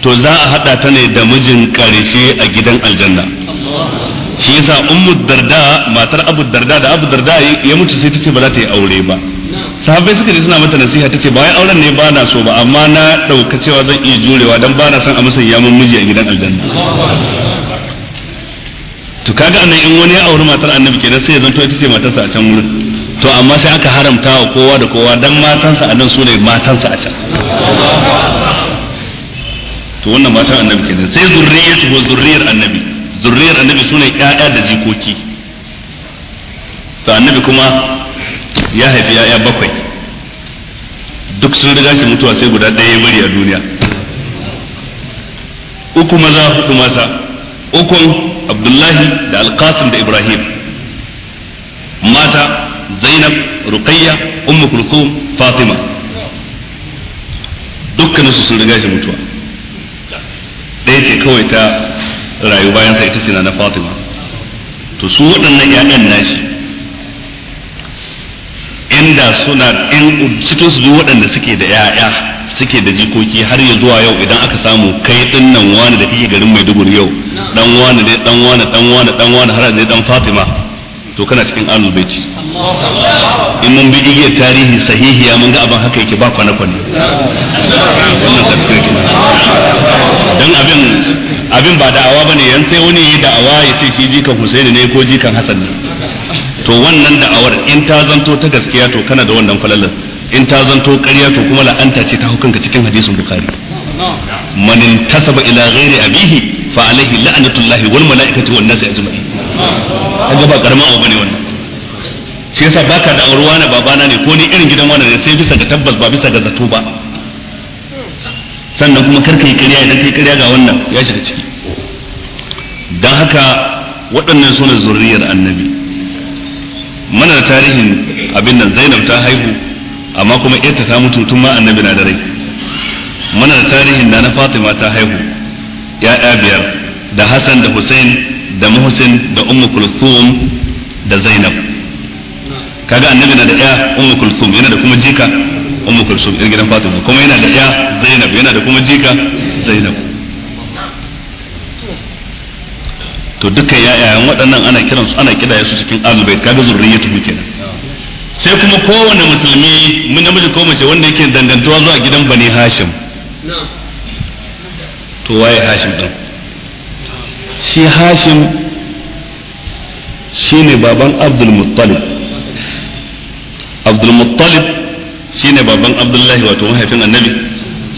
to za a haɗa ta ne da mijin ƙarshe a gidan aljanna shi yasa ummu darda matar abu darda da abu darda ya mutu sai ta ce ba za ta yi aure ba sahabbai suka ji suna mata nasiha ta ce ba wai auren ne ba na so ba amma na ɗauka cewa zan iya jurewa don ba na son a musanya mun miji a gidan aljanna to kaga anan in wani ya auri matar annabi kenan sai ya zanto ita ce matarsa a can wurin to amma sai aka haramta wa kowa da kowa dan matansa a nan su ne matansa a can to wannan matan annabi kenan sai zurriyatu wa zurriyar annabi zurriyar annabi su ne ƴaƴa da jikoki to annabi kuma ya haifi ƴaƴa bakwai duk sun riga shi mutuwa sai guda ɗaya ya bari a duniya uku maza hudu mata ukun abdullahi da alkasim da ibrahim mata zainab رقية أم kulthum fatima دكنا su sun riga shi mutuwa تا ce kawai ta rayu bayan sa ita ce na fatima to waɗannan ƴaƴan nashi inda suna in cikin su waɗanda suke da ƴaƴa suke da jikoki har ya zuwa yau idan aka samu kai din nan wani da kike garin Maiduguri yau dan wani ne dan wani dan wani dan wani har da dan Fatima to kana cikin Ahlul Baiti in mun bi igiyar tarihi sahihiya mun ga abin haka yake ba kwana kwana wannan cikin ke dan abin abin ba da'awa bane yan sai wani yi da'awa ya ce shi jikan Husaini ne ko jikan Hassan ne to wannan da'awar in ta zanto ta gaskiya to kana da wannan falalar in ta zanto ƙarya to kuma la'anta ce ta hukunka cikin hadisin bukhari man intasaba ila ghairi abihi fa alaihi la'natullahi wal malaikati wan nasi ajma'in kaga ba karama abu bane wannan shi yasa baka da aurwa na babana ne ko ni irin gidan wani ne sai bisa ga tabbas ba bisa ga zato ba sannan kuma karka yi karya idan kai kariya ga wannan ya shiga ciki don haka waɗannan suna zurriyar annabi mana da tarihin abin nan zainab ta haihu amma kuma yarta ta mutu tun ma annabi na da rai mana da tarihin da na fatima ta haihu ya'ya biyar da hassan da hussein da muhsin da ummu kulthum da zainab kaga annabi na da ya ummu kulsum yana da kuma jika ummu kulsum irin gidan fatima kuma yana da ya zainab yana da kuma jika zainab to dukkan yayayen waɗannan ana su ana kidaya su cikin albayt kaga zurriyatu kenan sai kuma kowane musulmi mun namiji ko mace wanda yake dangantuwa zuwa gidan bani hashim to waye hashim din shi hashim shine baban abdul muttalib abdul muttalib shine baban abdullahi wato mahaifin annabi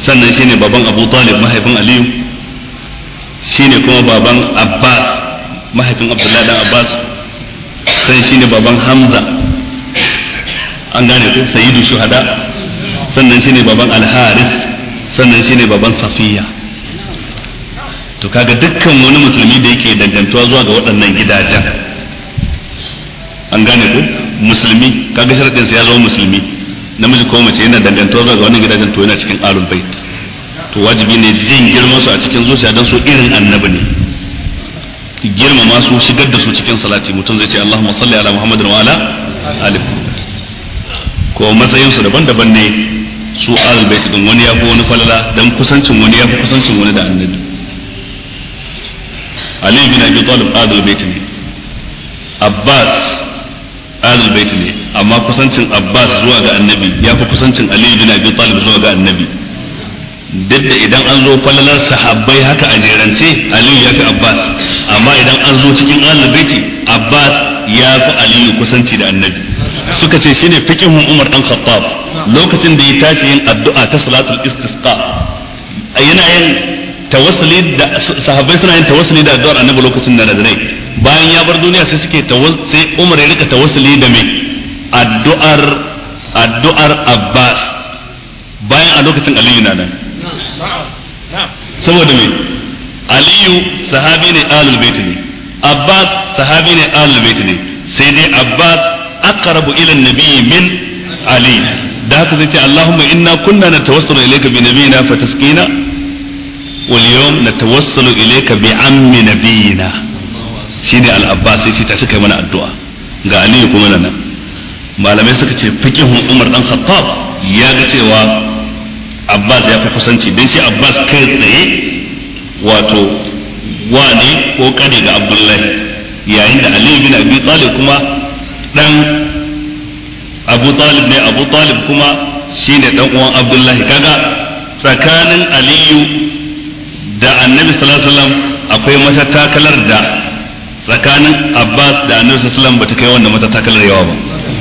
sannan shine baban abu talib mahaifin aliyu shine kuma baban abbas mahaifin abdullahi dan abbas shi shine baban hamza an gane ko sayyidu shuhada sannan shine baban al-haris sannan shine baban safiya to kaga dukkan wani musulmi da yake dangantuwa zuwa ga waɗannan gidajen an gane ko musulmi kaga sharadin sa ya zama musulmi namiji ko mace yana dangantuwa zuwa ga wannan gidajen to yana cikin alul bait to wajibi ne jin girman su a cikin zuciya dan su irin annabi ne girmama su shigar da su cikin salati mutum zai ce Allahumma salli ala Muhammadin wa ala ali ko matsayin su daban-daban ne su alul bait din wani ya fi wani falala dan kusancin wani ya fi kusancin wani da annabi Ali bin Abi Talib adul bait ne Abbas alul bait ne amma kusancin abbas zuwa ga annabi ya fi kusancin ali bin abi talib zuwa ga annabi duk da idan an zo falalar sahabbai haka a jerance aliyu ya fi abbas amma idan an zo cikin alul bait abbas ya fi aliyu kusanci da annabi suka ce shine fiqhun umar dan khattab lokacin da ya tashi yin addu'a ta salatul istisqa yana yin tawassuli da sahabbai suna yin tawassuli da addu'ar annabi lokacin da nadrai bayan ya bar duniya sai suke sai Umar ya rika tawassuli da mai addu'ar addu'ar Abbas bayan a lokacin Aliyu na nan saboda mai Aliyu sahabi ne alul bait ne Abbas sahabi ne alul bait ne sai dai Abbas aqrabu ila an-nabi min Ali da haka zai ce Allahumma inna kunna natawassalu ilayka bi nabiyina fatasqina wal yawm natawassalu ilayka bi ammi nabiyina shi ne abbas sai ta suka yi mana addu'a ga aliyu kuma nan malamai suka ce fiqhun umar dan khattab ya ga cewa abbas ya fi kusanci don shi abbas kai tsaye wato wane ko kare ga abdullahi yayin da aliyu bin abi talib kuma dan abu talib ne abu talib kuma shi ne dan uwan abdullahi kaga tsakanin aliyu da annabi sallallahu alaihi wasallam akwai matattakalar da tsakanin Abbas da Annabi sallallahu bata kai wanda mata takalar yawa ba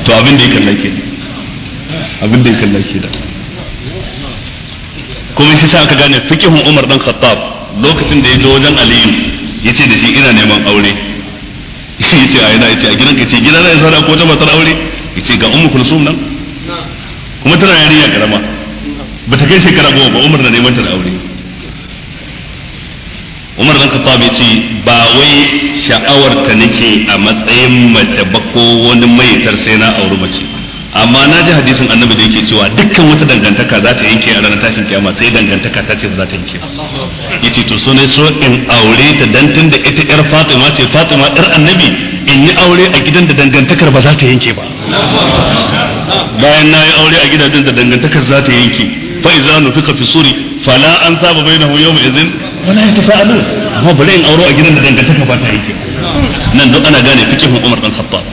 to abin da ya kalla ke abin da ya kalla ke da kuma shi sa aka gane fikihun Umar dan Khattab lokacin da ya je wajen Aliyu ce da shi ina neman aure ce a ya ce a gidan ka ce gidan zai saura ko ta matar aure ce ga Ummu Kulsum nan kuma tana yarinya karama bata kai shekara goma ba Umar na neman ta da aure Umar dan Khattab ce ba wai sha'awar ta nake a matsayin mace ba ko wani maitar sai na auri mace amma na ji hadisin annabi da yake cewa dukkan wata dangantaka za ta yanke a ranar tashin kiyama sai dangantaka ta ce ba za ta yanke yace to sunai ne so in aure ta dan da ita yar Fatima ce Fatima yar annabi in yi aure a gidan da dangantakar ba za ta yanke ba bayan na yi aure a gidajen da dangantakar za ta yanke fa iza nufika fi suri fala an saba bainahu yawma idhin wala yatafa'alun ba zai yin auro a gidan da dangantaka ba ta yake nan duk ana gane hukumar Umar dan Khattab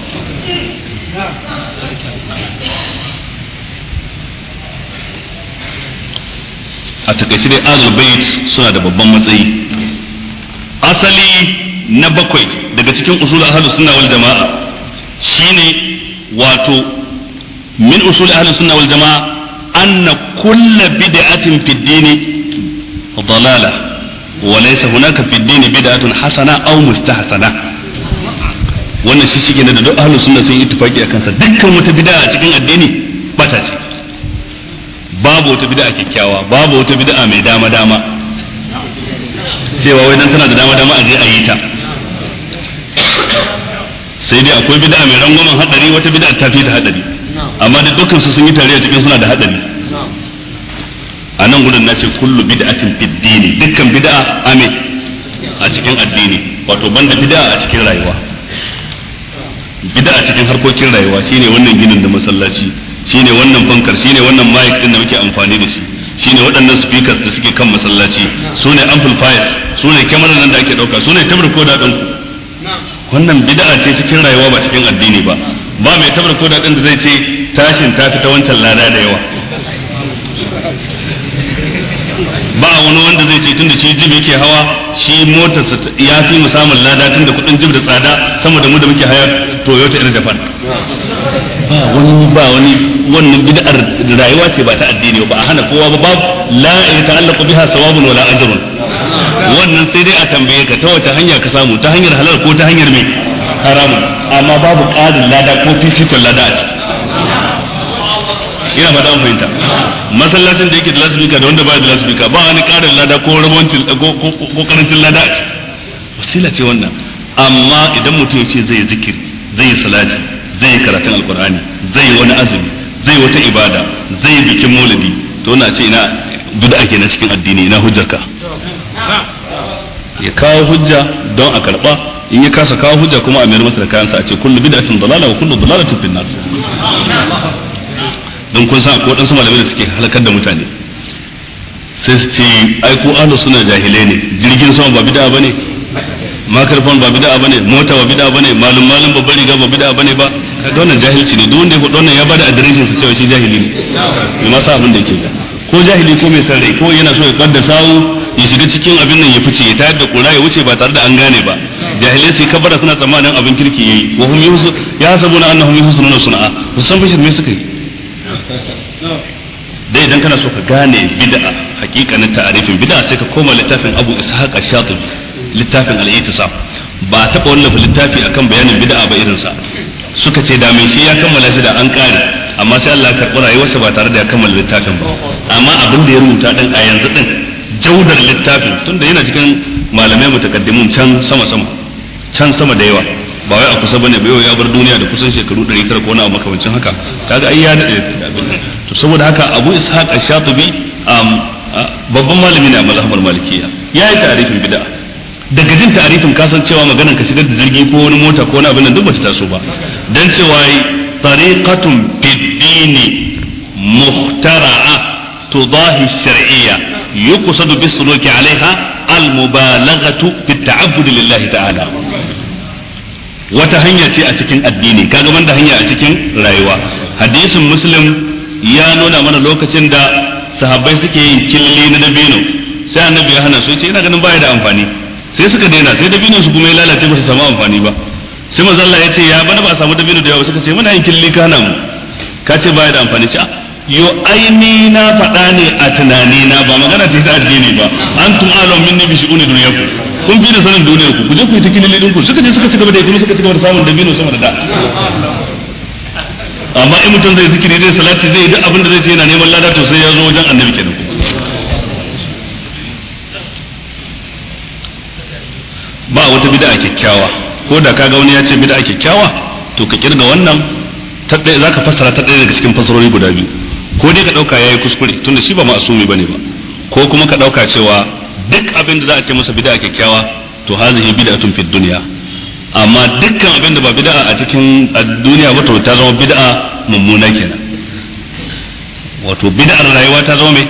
a takaice dai ahlul bait suna da babban matsayi asali na bakwai daga cikin usul ahlus sunna wal jamaa shine wato min usul ahlus sunna wal jamaa anna kullu bid'atin fid dini dalala wa هناك في الدين بدعة حسنة أو مستحسنة وانا mustahsana wannan shi shike da duk ahlus sunna sun ittifaki akan sa dukkan wata a cikin addini ce babu wata bid'a kyakkyawa babu wata bid'a mai dama dama cewa wai dan tana da dama dama a je a yi ta sai dai akwai bid'a mai rangwamen hadari wata bid'a ta fi ta hadari amma da dukkan su sun yi tare a cikin suna da hadari a nan gudun na ce kullu bid'atin fid dini dukkan bid'a ame a cikin addini wato banda bid'a a cikin rayuwa bid'a cikin harkokin rayuwa shine wannan ginin da masallaci shine wannan fankar shine wannan mic din da muke amfani da shi shine waɗannan speakers da suke kan masallaci su ne amplifiers su ne kyamarar nan da ake ɗauka su ne tabar ko daɗin wannan bid'a ce cikin rayuwa ba cikin addini ba ba mai tabar ko daɗin da zai ce tashin ta fi ta wancan lada da yawa ba wani wanda zai ce tunda shi jib yake hawa shi motar ya fi mu samun lada tunda kudin jib da tsada sama da mu da muke haya Toyota ɗin Japan ba wani ba wani wannan bid'ar rayuwa ce ba ta addini ba a hana kowa ba babu la ya ta'allaqu biha sawabun wala ajrun wannan sai dai a tambaye ka ta wace hanya ka samu ta hanyar halal ko ta hanyar mai haramun amma babu ƙarin lada ko fifikon lada a ciki ina fata an fahimta masallacin da yake da lasbika da wanda ba da lasbika ba wani karin lada ko rabancin ko karancin lada wasila ce wannan amma idan mutum ya ce zai zikir zai salati zai yi karatun alkur'ani zai wani azumi zai wata ibada zai bikin mulidi to na ce ina ake na cikin addini ina hujjarka ya kawo hujja don a karba in ya kasa kawo hujja kuma a mayar masa da kayansa a ce kullu bid'atin dalala wa kullu dalalatin finnar don kun san akwai waɗansu malamai da suke halakar da mutane sai su ce ai ko ahlus sunna jahilai ne jirgin sama ba bid'a bane makarfon ba bid'a bane mota ba bid'a bane malum malum babban riga ba bid'a bane ba kaga wannan jahilci ne duk wanda ya faɗi wannan ya bada adireshin sa cewa shi jahili ne bai ma sa abin da yake ko jahili ko mai san rai ko yana so ya kwadda sawu ya shiga cikin abin nan ya fice ya tayar da kura ya wuce ba tare da an gane ba jahilai sai kabara suna tsammanin abin kirki yayi wa hum yusu ya sabuna annahum yusununa sun'a musan bashir me suka yi dai idan kana so ka gane bid'a hakikanin ta'arifin bid'a sai ka koma littafin Abu Ishaq Ash-Shatibi littafin Al-Ittisab ba taɓa wallafa littafi akan bayanin bid'a ba irin sa suka ce da mai shi ya kammala shi da an kare amma sai Allah ya karɓi rayuwarsa ba tare da ya kammala littafin ba amma abin da ya rubuta din a yanzu din jaudar littafin tunda yana cikin malamai mutakaddimin can sama sama can sama da yawa ba wai a kusa bane ba yau ya bar duniya da kusan shekaru 100 ko na makamancin haka kaga ai ya dade to saboda haka Abu Ishaq Ash-Shatibi babban malami ne a mazhabar Malikiyya yayi tarifin bid'a daga jin tarifin cewa maganar ka shigar da jirgi ko wani mota ko wani abin nan duk ba ta taso ba dan cewa tariqatun fid-dini muhtara'a tudahi shar'iyya yuqsadu bis-suluki 'alayha al-mubalaghatu fit-ta'abbud lillahi ta'ala wata hanya ce a cikin addini kaga wanda hanya a cikin rayuwa hadisin muslim ya nuna mana lokacin da sahabbai suke yin killi na dabino sai annabi ya hana su ce ina ganin baya da amfani sai suka daina sai dabino su kuma ya lalace ba su samu amfani ba sai manzo ya ce ya bana ba a samu dabino da yawa suka ce muna yin killi ka hana mu ka ce baya da amfani ce ah, yo aini na faɗa ne a tunani na ba magana ce ta addini ba antum alam minni bi shi'uni dunyakum kun fi da sanin duniyar ku ku je ku yi ta kilili ku suka je suka ci gaba da kuma suka ci gaba da samun dabino sama da da amma in mutum zai zikiri zai salati zai duk abin da zai ce yana neman lada to sai ya zo wajen annabi kenan ba wata bid'a kyakkyawa ko da kaga wani ya ce bid'a kyakkyawa to ka kirga wannan ta ɗaya zaka fassara ta ɗaya daga cikin fassarori guda biyu ko dai ka ɗauka yayi kuskure tunda shi ba ma'asumi bane ba ko kuma ka ɗauka cewa duk abin da za a ce masa bid'a kyakkyawa to hazihi bid'atun fid dunya amma dukkan abin da ba bid'a a cikin duniya ba to ta zama bid'a mummuna kenan wato bid'ar rayuwa ta zama mai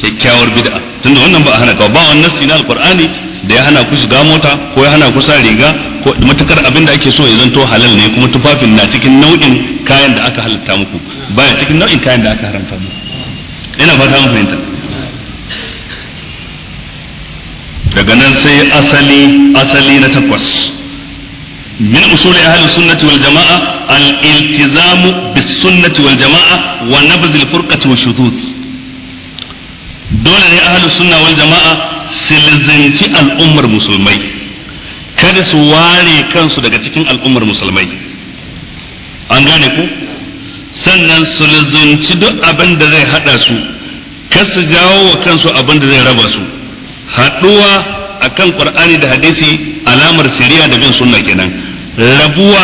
kyakkyawar bid'a tunda wannan ba a hana ba wannan nassi na alqur'ani da ya hana ku shiga mota ko ya hana ku sa riga ko matukar abin da ake so ya zanto halal ne kuma tufafin na cikin nau'in kayan da aka halatta muku baya cikin nau'in kayan da aka haramta muku ina fata mun fahimta daga nan sai asali asali na takwas min usuli ahli sunnati wal jamaa al iltizam bis sunnati wal jamaa wa nabz al furqati wa shudud dole ne ahli sunna wal jamaa silzanci al'ummar musulmai kada su ware kansu daga cikin al'ummar musulmai an gane ku sannan su lizanci duk abin da zai hada su kar su jawo wa kansu abin da zai raba su haɗuwa akan qur'ani da hadisi alamar siriya da bin sunna kenan rabuwa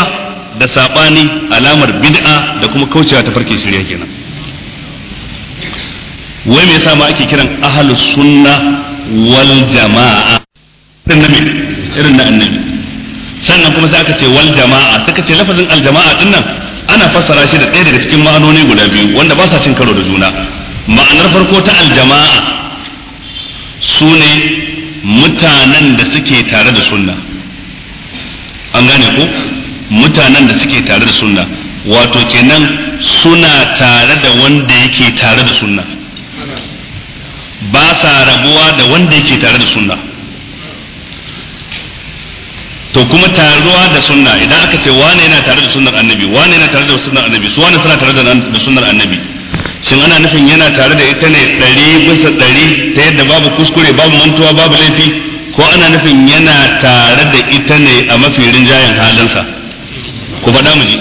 da sabani alamar bid'a da kuma kaucewa ta farke siriya kenan wai me yasa ma ake kiran ahlus sunna wal jama'a irin na annabi sannan kuma sai aka ce wal jama'a suka ce lafazin al jama'a din nan ana fassara shi da ɗaya daga cikin ma'anoni guda biyu wanda ba sa cin karo da juna ma'anar farko ta al jama'a su ne mutanen da suke tare da sunna an gane ku? mutanen da suke tare da sunna wato kenan suna tare da wanda yake tare da sunna ba sa rabuwa da wanda yake tare da sunna to kuma taruwa da sunna idan aka ce wane yana tare da sunnar annabi wane yana tare da sunnar annabi su wane suna tare da sunnar annabi shin ana nufin yana tare da ita ne ɗari bisa ɗari ta yadda babu kuskure babu mantuwa babu laifi ko ana nufin yana tare da ita ne a mafi rinjayen halinsa ku faɗa mu ji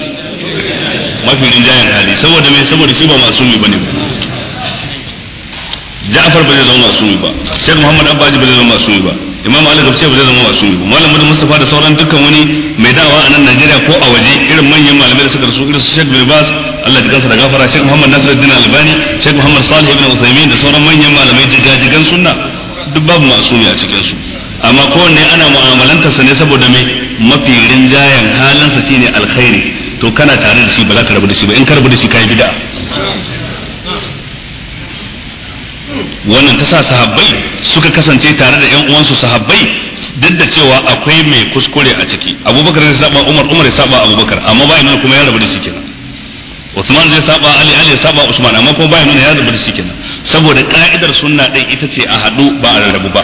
mafi rinjayen hali saboda mai saboda shi ba ba ne Ja'far ba zai zama masumi ba Sheikh Muhammad Abbaji ba zai zama masumi ba Imam Ali Gabce ba zai zama masumi ba Malam Muhammad Mustafa da sauran dukkan wani mai dawa a nan Najeriya ko a waje irin manyan malamai da suka rasu irin su shek Bin Bas Allah kansa da gafara Sheikh Muhammad Nasiruddin Albani Sheikh Muhammad Salih ibn Uthaymeen da sauran manyan malamai gan sunna duk babu ma'asumi a cikin su amma kowanne ana mu'amalanta sa ne saboda mai mafi rinjayen halansa shine alkhairi to kana tare da shi ba za ka rabu da shi ba in ka rabu da shi kai bid'a wannan ta sa sahabbai suka kasance tare da yan uwansu sahabbai duk da cewa akwai mai kuskure a ciki abubakar ya saba umar umar ya saba abubakar amma ba ina kuma ya rabu da shi kenan Usman zai saba Ali Ali saba Usman amma kuma bayan nuna ya zubar shi kenan saboda ka'idar sunna din ita ce a hadu ba a rarrabu ba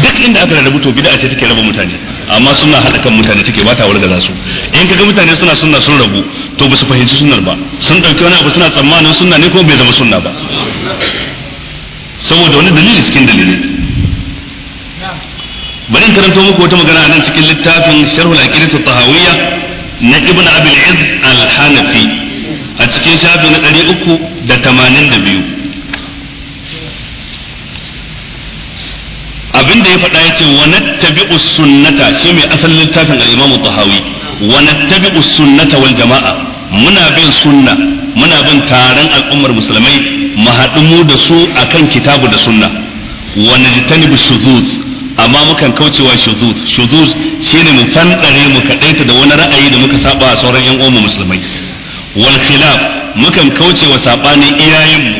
duk inda aka rarrabu to bid'a ce take raba mutane amma sunna hada kan mutane take ba ta wargaza su in kaga mutane suna sunna sun rabu to ba su fahimci sunnar ba sun dauki wani abu suna tsammanin sunna ne ko bai zama sunna ba saboda wani dalili cikin dalili bari in karanto muku wata magana nan cikin littafin sharhul aqidat at-tahawiyya na ibn abul izz al-hanafi a cikin shafi na ɗari uku da tamanin da biyu abin da ya faɗa ya ce wa nattabi'u sunnata shi mai asalin littafin al-imamu tahawi Wani tabi'u sunnata wal jama'a muna bin sunna muna bin taron al'ummar musulmai mu haɗu mu da su a kan kitabu da sunna wa najtanibu shuzuz amma mukan kaucewa shuzuz shuzuz shine mu fanɗare mu kadaita da wani ra'ayi da muka saba sauran yan uwan musulmai wal khilaf mukan kauce wa sabanin iyayen mu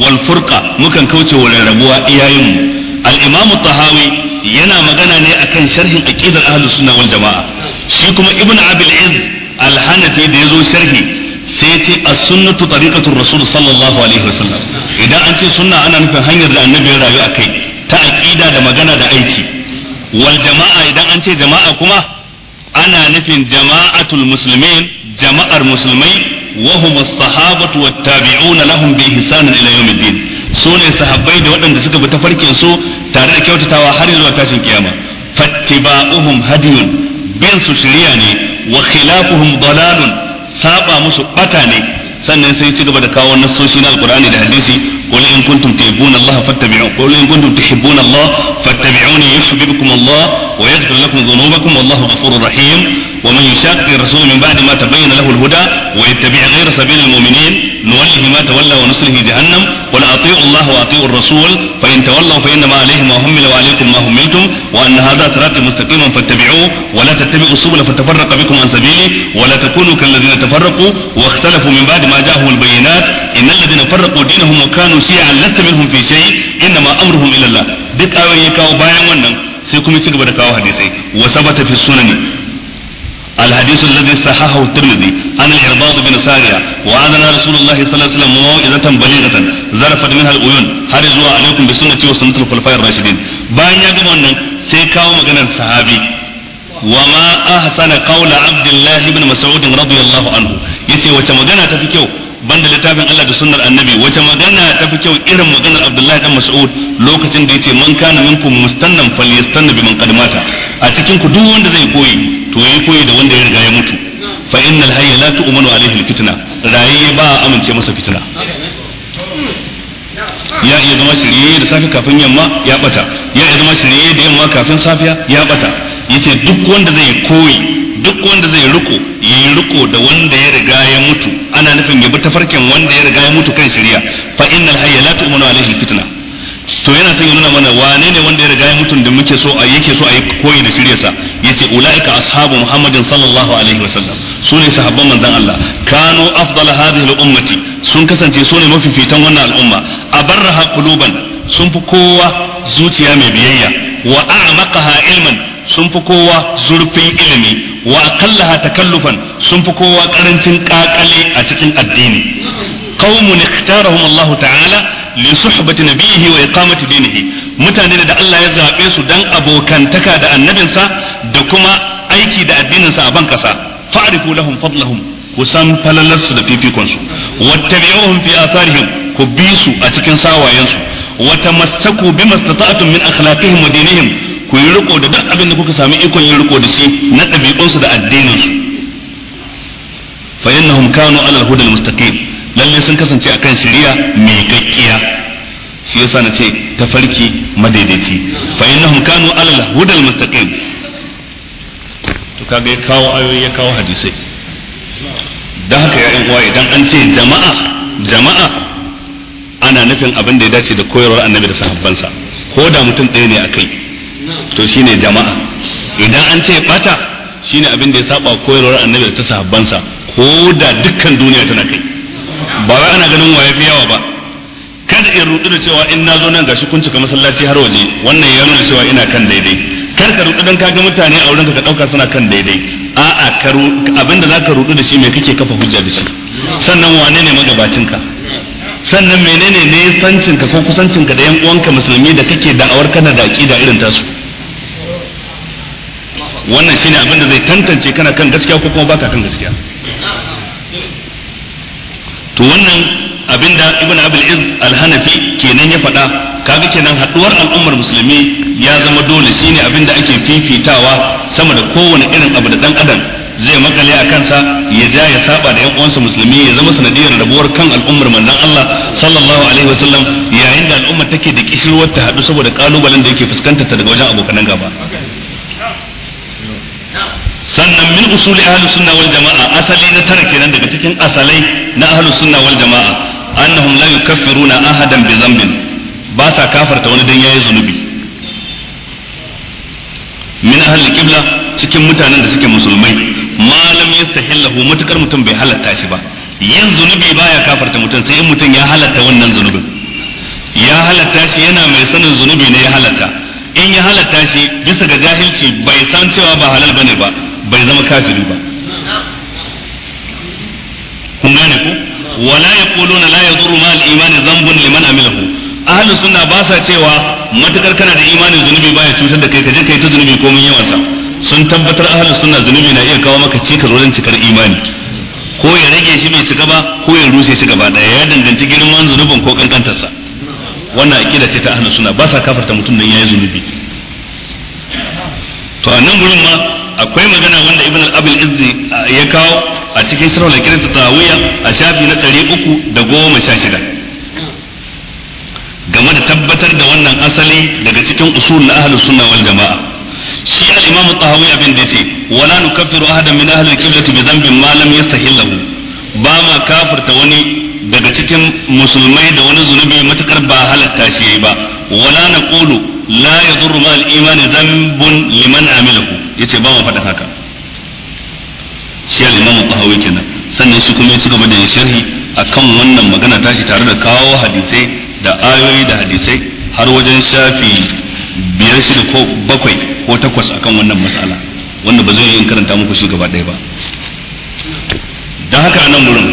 wal furqa mukan kauce wa rarrabuwa iyayen mu al imamu tahawi yana magana ne akan sharhin aqidar ahlus sunna wal jamaa shi kuma ibn abil iz da hanafi da sharhi sai ce a sunnatu tariqatur rasul sallallahu alaihi wasallam idan an ce sunna ana nufin hanyar da annabi ya rayu kai ta aqida da magana da aiki waljama'a idan an ce jama'a kuma ana nufin jama'atul muslimin jama'ar musulmai wa hum as-sahabatu wat tabi'una lahum bi ihsan ila yawm din su sahabbai da waɗanda suka bi ta farkin su tare da kyautatawa har zuwa tashin kiyama fattiba'uhum hadiyun bin su shiriya ne wa khilafuhum dalalun saba musu bata ne sannan sai ci gaba da kawo nassoshi na alqur'ani da hadisi قل إن كنتم تحبون الله فاتبعوا قل إن كنتم تحبون الله فاتبعوني يحببكم الله ويغفر لكم ذنوبكم والله غفور رحيم ومن يشاقق الرسول من بعد ما تبين له الهدى ويتبع غير سبيل المؤمنين نوله ما تولى ونصله جهنم قل اطيعوا الله واطيعوا الرسول فان تولوا فانما عليهم ما حمل وعليكم ما حملتم وان هذا صراطي مستقيما فاتبعوه ولا تتبعوا السبل فتفرق بكم عن سبيله ولا تكونوا كالذين تفرقوا واختلفوا من بعد ما جاءهم البينات ان الذين فرقوا دينهم وكانوا شيعا لست منهم في شيء انما امرهم الى الله duk ayoyi kawo bayan سيكون sai kuma ci gaba الحديث الذي صححه الترمذي عن العرباض بن سارية وعادنا رسول الله صلى الله عليه وسلم موعظة بليغة زرفت منها العيون حرزوا عليكم بسنة وسنة الخلفاء الراشدين باين يا جماعة سيكاو مغنى الصحابي وما أحسن قول عبد الله بن مسعود رضي الله عنه يتي وتمغنى تفكيو banda littafin Allah da sunnar annabi wace magana ta fi kyau irin maganar Abdullahi dan Mas'ud lokacin da yace man kana minkum mustannan falyastanna biman qadmata a cikin ku duk wanda zai koyi to yayi koyi da wanda ya riga ya mutu fa innal hayya la tu'manu alaihi alfitna rayi ba a amince masa fitina ya iya zama shirye da safe kafin yamma ya bata ya iya zama shirye da yamma kafin safiya ya bata yace duk wanda zai koyi duk wanda zai riko ya yi riko da wanda ya riga ya mutu ana nufin ya bi tafarkin wanda ya riga ya mutu kan shirya fa innal hayya la tu'minu alaihi alfitna to yana son ya nuna mana wane ne wanda ya riga ya mutu da muke so a yake so a yi koyi da sa yace ulaika ashabu muhammadin sallallahu alaihi wasallam su ne sahabban manzon Allah kanu afdal hadhihi ummati sun kasance su ne mafifitan wannan al'umma abarraha quluban sun fi kowa zuciya mai biyayya wa a'maqaha ilman sun fi kowa zurfin ilimi wa aqallaha takallufan sun fi kowa karancin kakale a cikin addini qaumun ikhtarahum Allah ta'ala li suhbati nabihi wa iqamati dinihi mutane da Allah ya zabe su dan abokantaka da annabinsa da kuma aiki da addininsa a ban kasa fa'rifu lahum fadlahum ku san falalarsu da fifikonsu wattabi'uhum fi atharihim ku bi su a cikin sawayensu wa tamassaku bimastata'tum min akhlaqihim wa dinihim ku yi riko da duk abin da kuka sami ikon yin riko da shi na ɗabi'unsu da addininsu fa innahum kanu ala al-huda al-mustaqim lalle sun kasance a kan shari'a mai kakkiya shi yasa na ce tafarki madaidaici fa innahum kanu alal hudal mustaqim to kaga ya kawo ayoyi ya kawo hadisai dan haka ya uwa idan an ce jama'a jama'a ana nufin abin da ya dace da koyarwar annabi da sahabbansa ko da mutum ɗaya ne a kai to shine jama'a idan an ce bata shine abin da ya saba koyarwar annabi da ta sahabbansa ko da dukkan duniya tana kai ba wai ana ganin waye fi yawa ba kada in rudu da cewa in na zo nan gashi kun cika masallaci har waje wannan ya nuna cewa ina kan daidai kar ka rudu dan kaga mutane a wurin ka dauka suna kan daidai a'a ka abinda zaka rudu da shi me kake kafa hujja da shi sannan wane ne magabacinka sannan menene ne ka ko kusancin ka da yan uwanka musulmi da kake da'awar kana da aqida irin tasu wannan shine abinda zai tantance kana kan gaskiya ko kuma baka kan gaskiya to wannan abinda ibn abul iz al-hanafi kenan ya faɗa kaga kenan haduwar al'ummar musulmi ya zama dole shine abinda ake fifitawa sama da kowane irin abu da dan adam zai makale a kansa ya ja ya saba da yan uwansa musulmi ya zama sanadiyar rabuwar kan al'ummar manzon Allah sallallahu alaihi wasallam yayin da al'ummar take da kishirwar ta haɗu saboda kalubalen da yake fuskanta ta daga wajen abokan gaba sannan min usuli ahli sunna wal jama'a asali na tara kenan daga cikin asalai na ahli sunna wal jama'a annahum la yukaffiruna ahadan bi dhanbin ba sa kafarta wani dan yayi zunubi min ahli qibla cikin mutanen da suke musulmai malam yastahillahu mutakar mutum bai halatta shi ba yin zunubi baya kafarta mutum sai in mutum ya halatta wannan zunubin ya halatta shi yana mai sanin zunubi ne ya halatta in ya halatta shi bisa ga jahilci bai san cewa ba halal bane ba bai zama kafiri ba kun gane ko wala yaquluna la yadurru ma al-iman dhanbun liman amilahu ahlus sunna ba sa cewa matukar kana da imanin zunubi baya cutar da kai ka je kai ta zunubi ko mun yawansa sun tabbatar ahlus sunna zunubi na iya kawo maka cikar wurin cikar imani ko ya rage shi bai cika ba ko ya rushe shi gaba daya ya danganci girman zunubin ko sa wannan akida ce ta ahlus sunna ba sa kafarta mutum dan yayi zunubi to a nan gurin ma akwai magana wanda ibn al-abil izzi ya kawo a cikin sharhul aqida tawiya a shafi na 316 game da tabbatar da wannan asali daga cikin usul na ahlus sunna wal jamaa shi al-imam tahawi abin da yace wala nukaffiru ahadan min ahli al-qiblati bi dhanbin ma lam yastahillahu ba ma kafirta wani daga cikin musulmai da wani zunubi matukar ba halatta shi ba wala naqulu la yadurru ma al-iman dhanbun liman amilahu yace ba mu faɗa haka shi al-imam tahawi kenan sannan shi kuma ya ci gaba da sharhi kan wannan magana tashi tare da kawo hadisai da ayoyi da hadisai har wajen shafi biyar shida ko bakwai ko takwas akan wannan mas'ala wanda ba zai karanta muku shi gaba ɗaya ba don haka nan wurin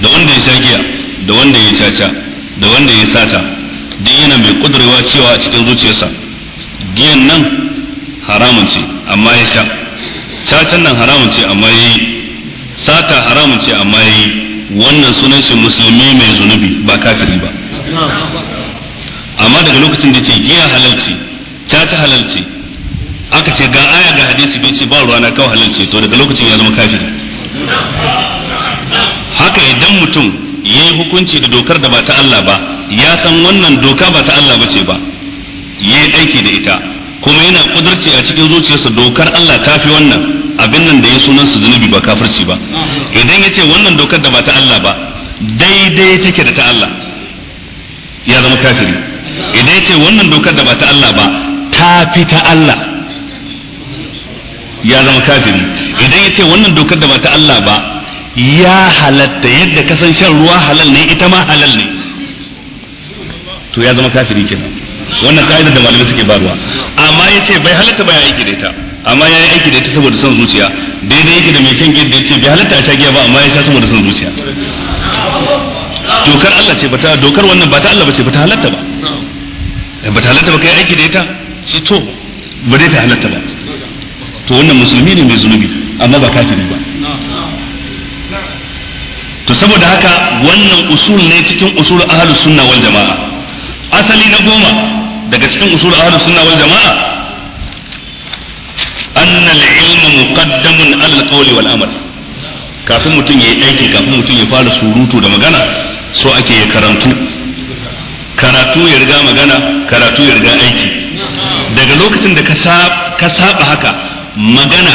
da wanda ya sha giya da wanda ya caca da wanda ya sata dan yana mai kudurwa cewa a cikin zuciyarsa giyan nan haramun ce amma ya sha cacan nan haramun ce amma ya yi sata haramun ce amma ya yi wannan sunan shi musulmi mai zunubi ba kafiri ba amma daga lokacin da ce giya halalci caca halalci aka ce ga aya ga hadisi bai ce ba na kawai halalci to daga lokacin ya zama kafiri haka idan mutum ya yi hukunci da dokar da ba ta Allah ba ya san wannan doka ba ta Allah bace ba ya yi aiki da ita kuma yana kudurci a cikin zuciyarsa dokar Allah ta fi wannan abin nan da ya sunan su zunubi ba kafirci ba idan ya ce wannan dokar da ba ta Allah ba daidai take da ta Allah ya zama kafiri idan ya ce wannan dokar da ba ta Allah ba ta fi ta Allah ya zama kafiri idan ya ce wannan dokar da ba ta Allah ba ya halatta yadda kasan shan ruwa halal ne ita ma halal ne to ya zama kafiri kenan wannan ka'ida da malamai suke barwa amma ya ce bai halatta ba ya aiki da ita amma ya yi aiki da ita saboda son zuciya daidai yake da mai shan giya da ce bai halatta a sha giya ba amma ya sha saboda son zuciya dokar Allah ce bata dokar wannan ba ta Allah ba ce bata halatta ba bata halatta ba kai aiki da ita ce to ba dai ta halatta ba to wannan musulmi ne mai zunubi amma ba kafiri ba to saboda haka wannan usul ne cikin usul ahlus sunna wal jama'a asali na goma daga cikin usul ahlus sunna wal jama'a anna al ilm muqaddam ala al-qawl wal amal kafin mutum ya yi aiki kafin mutum ya fara surutu da magana so ake ya karantu karatu ya riga magana karatu ya riga aiki daga lokacin da ka saba haka magana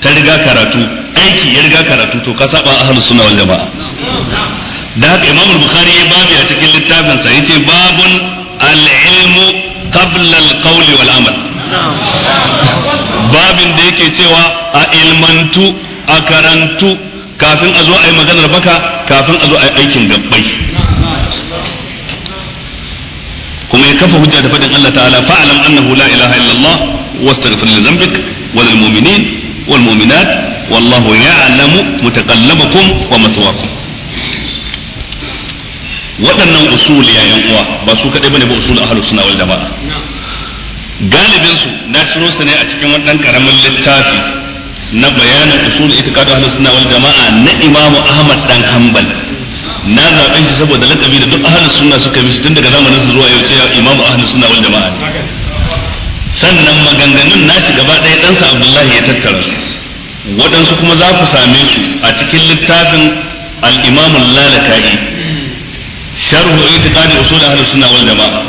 ta riga karatu aiki ya riga karatu to ka saba ahlus sunna wal jama'a da haka imam bukhari ya babu a cikin littafin sa yace babun al-ilmu qabla al-qawl wal amal babin da yake cewa a ilmantu a karantu kafin a zo a yi maganar baka kafin a zo a yi aikin gabbai kuma ya kafa hujja da fadin Allah ta'ala fa'alam annahu la ilaha illallah wastaghfir li dhanbik wa lil mu'minin wal mu'minat wallahu ya'lamu mutaqallabakum wa mathwaakum waɗannan usul ya yan uwa ba su kadai bane ba usul ahlus sunna wal jamaa galibin su na shiro su ne a cikin wannan karamin littafi na bayanin usul itiqad ahlus sunna wal jamaa na imamu ahmad dan hanbal na zaɓe shi saboda lakabi da duk ahlus sunna suka bi tun daga zamanin su zuwa yau ce imamu ahlus sunna wal jamaa sannan maganganun nashi gaba ɗaya ɗansa abdullahi ya tattara waɗansu kuma za ku same su a cikin littafin al-imamul lalaka'i sharhu i'tiqadi usul ahlus sunna wal jamaa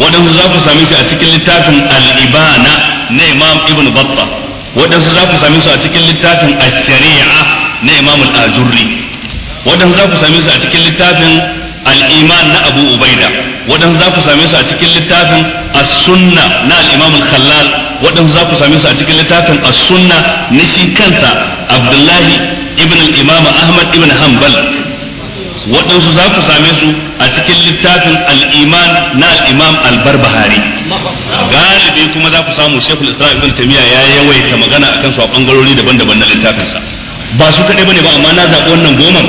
wadansu za ku same shi a cikin littafin al-ibana na imam ibn battah wadansu za ku same su a cikin littafin ash-shari'a na imam al-ajurri wadansu za ku same su a cikin littafin al-iman na abu ubaida wadansu za ku same su a cikin littafin as-sunna na al-imam al za ku su a cikin littafin as-sunna na shi abdullahi ibn al-imam ahmad ibn hanbal waɗansu za ku same su a cikin littafin al’iman na al’imam al'bar galibi kuma za ku samu shekul islam ibn tamiya ya yawaita magana akan su a ɓangarori daban-daban na littafinsa ba su kaɗai bane ba amma na zaɓi wannan goma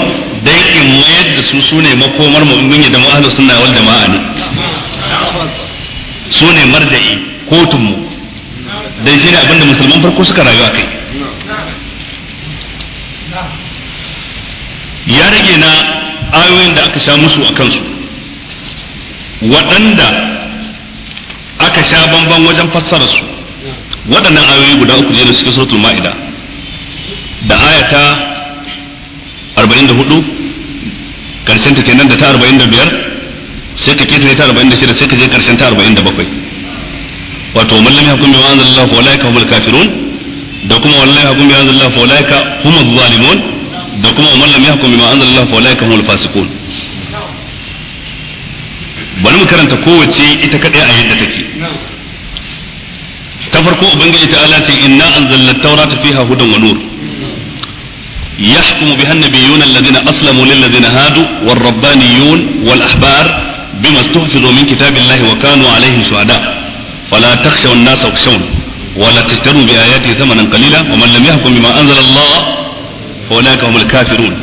dan in mayar da su sune makomar mu in da mu ahlus sunna wal jama'a ne sune marja'i kotun mu dan shine abinda musulman farko suka rayu a kai ya rage na ayoyin da aka sha musu a kansu waɗanda aka sha bamban wajen fassara su waɗannan ayoyi guda uku ne cikin suratul ma'ida da ayata 44 karshen ta kenan da ta 45 sai ka ketare ta 46 sai ka je karshen ta 47 wato mallami hakun yahkum bima anzalallahu wa ulaika humul kafirun da kuma wallahi hakum bi anzalallahu wa ulaika humuz zalimun da kuma umar lam yahkum bima anzalallahu fa ulaika humul fasiqun bari mu karanta kowace ita kadai a yadda take ta farko ubangiji ta ala ce inna anzalna tawrata fiha hudan wa nur يحكم بها النبيون الذين أسلموا للذين هادوا والربانيون والأحبار بما استحفظوا من كتاب الله وكانوا عليه شهداء فلا تخشوا الناس واخشون ولا تشتروا بآياتي ثمنا قليلا ومن لم يحكم بما أنزل الله فأولئك هم الكافرون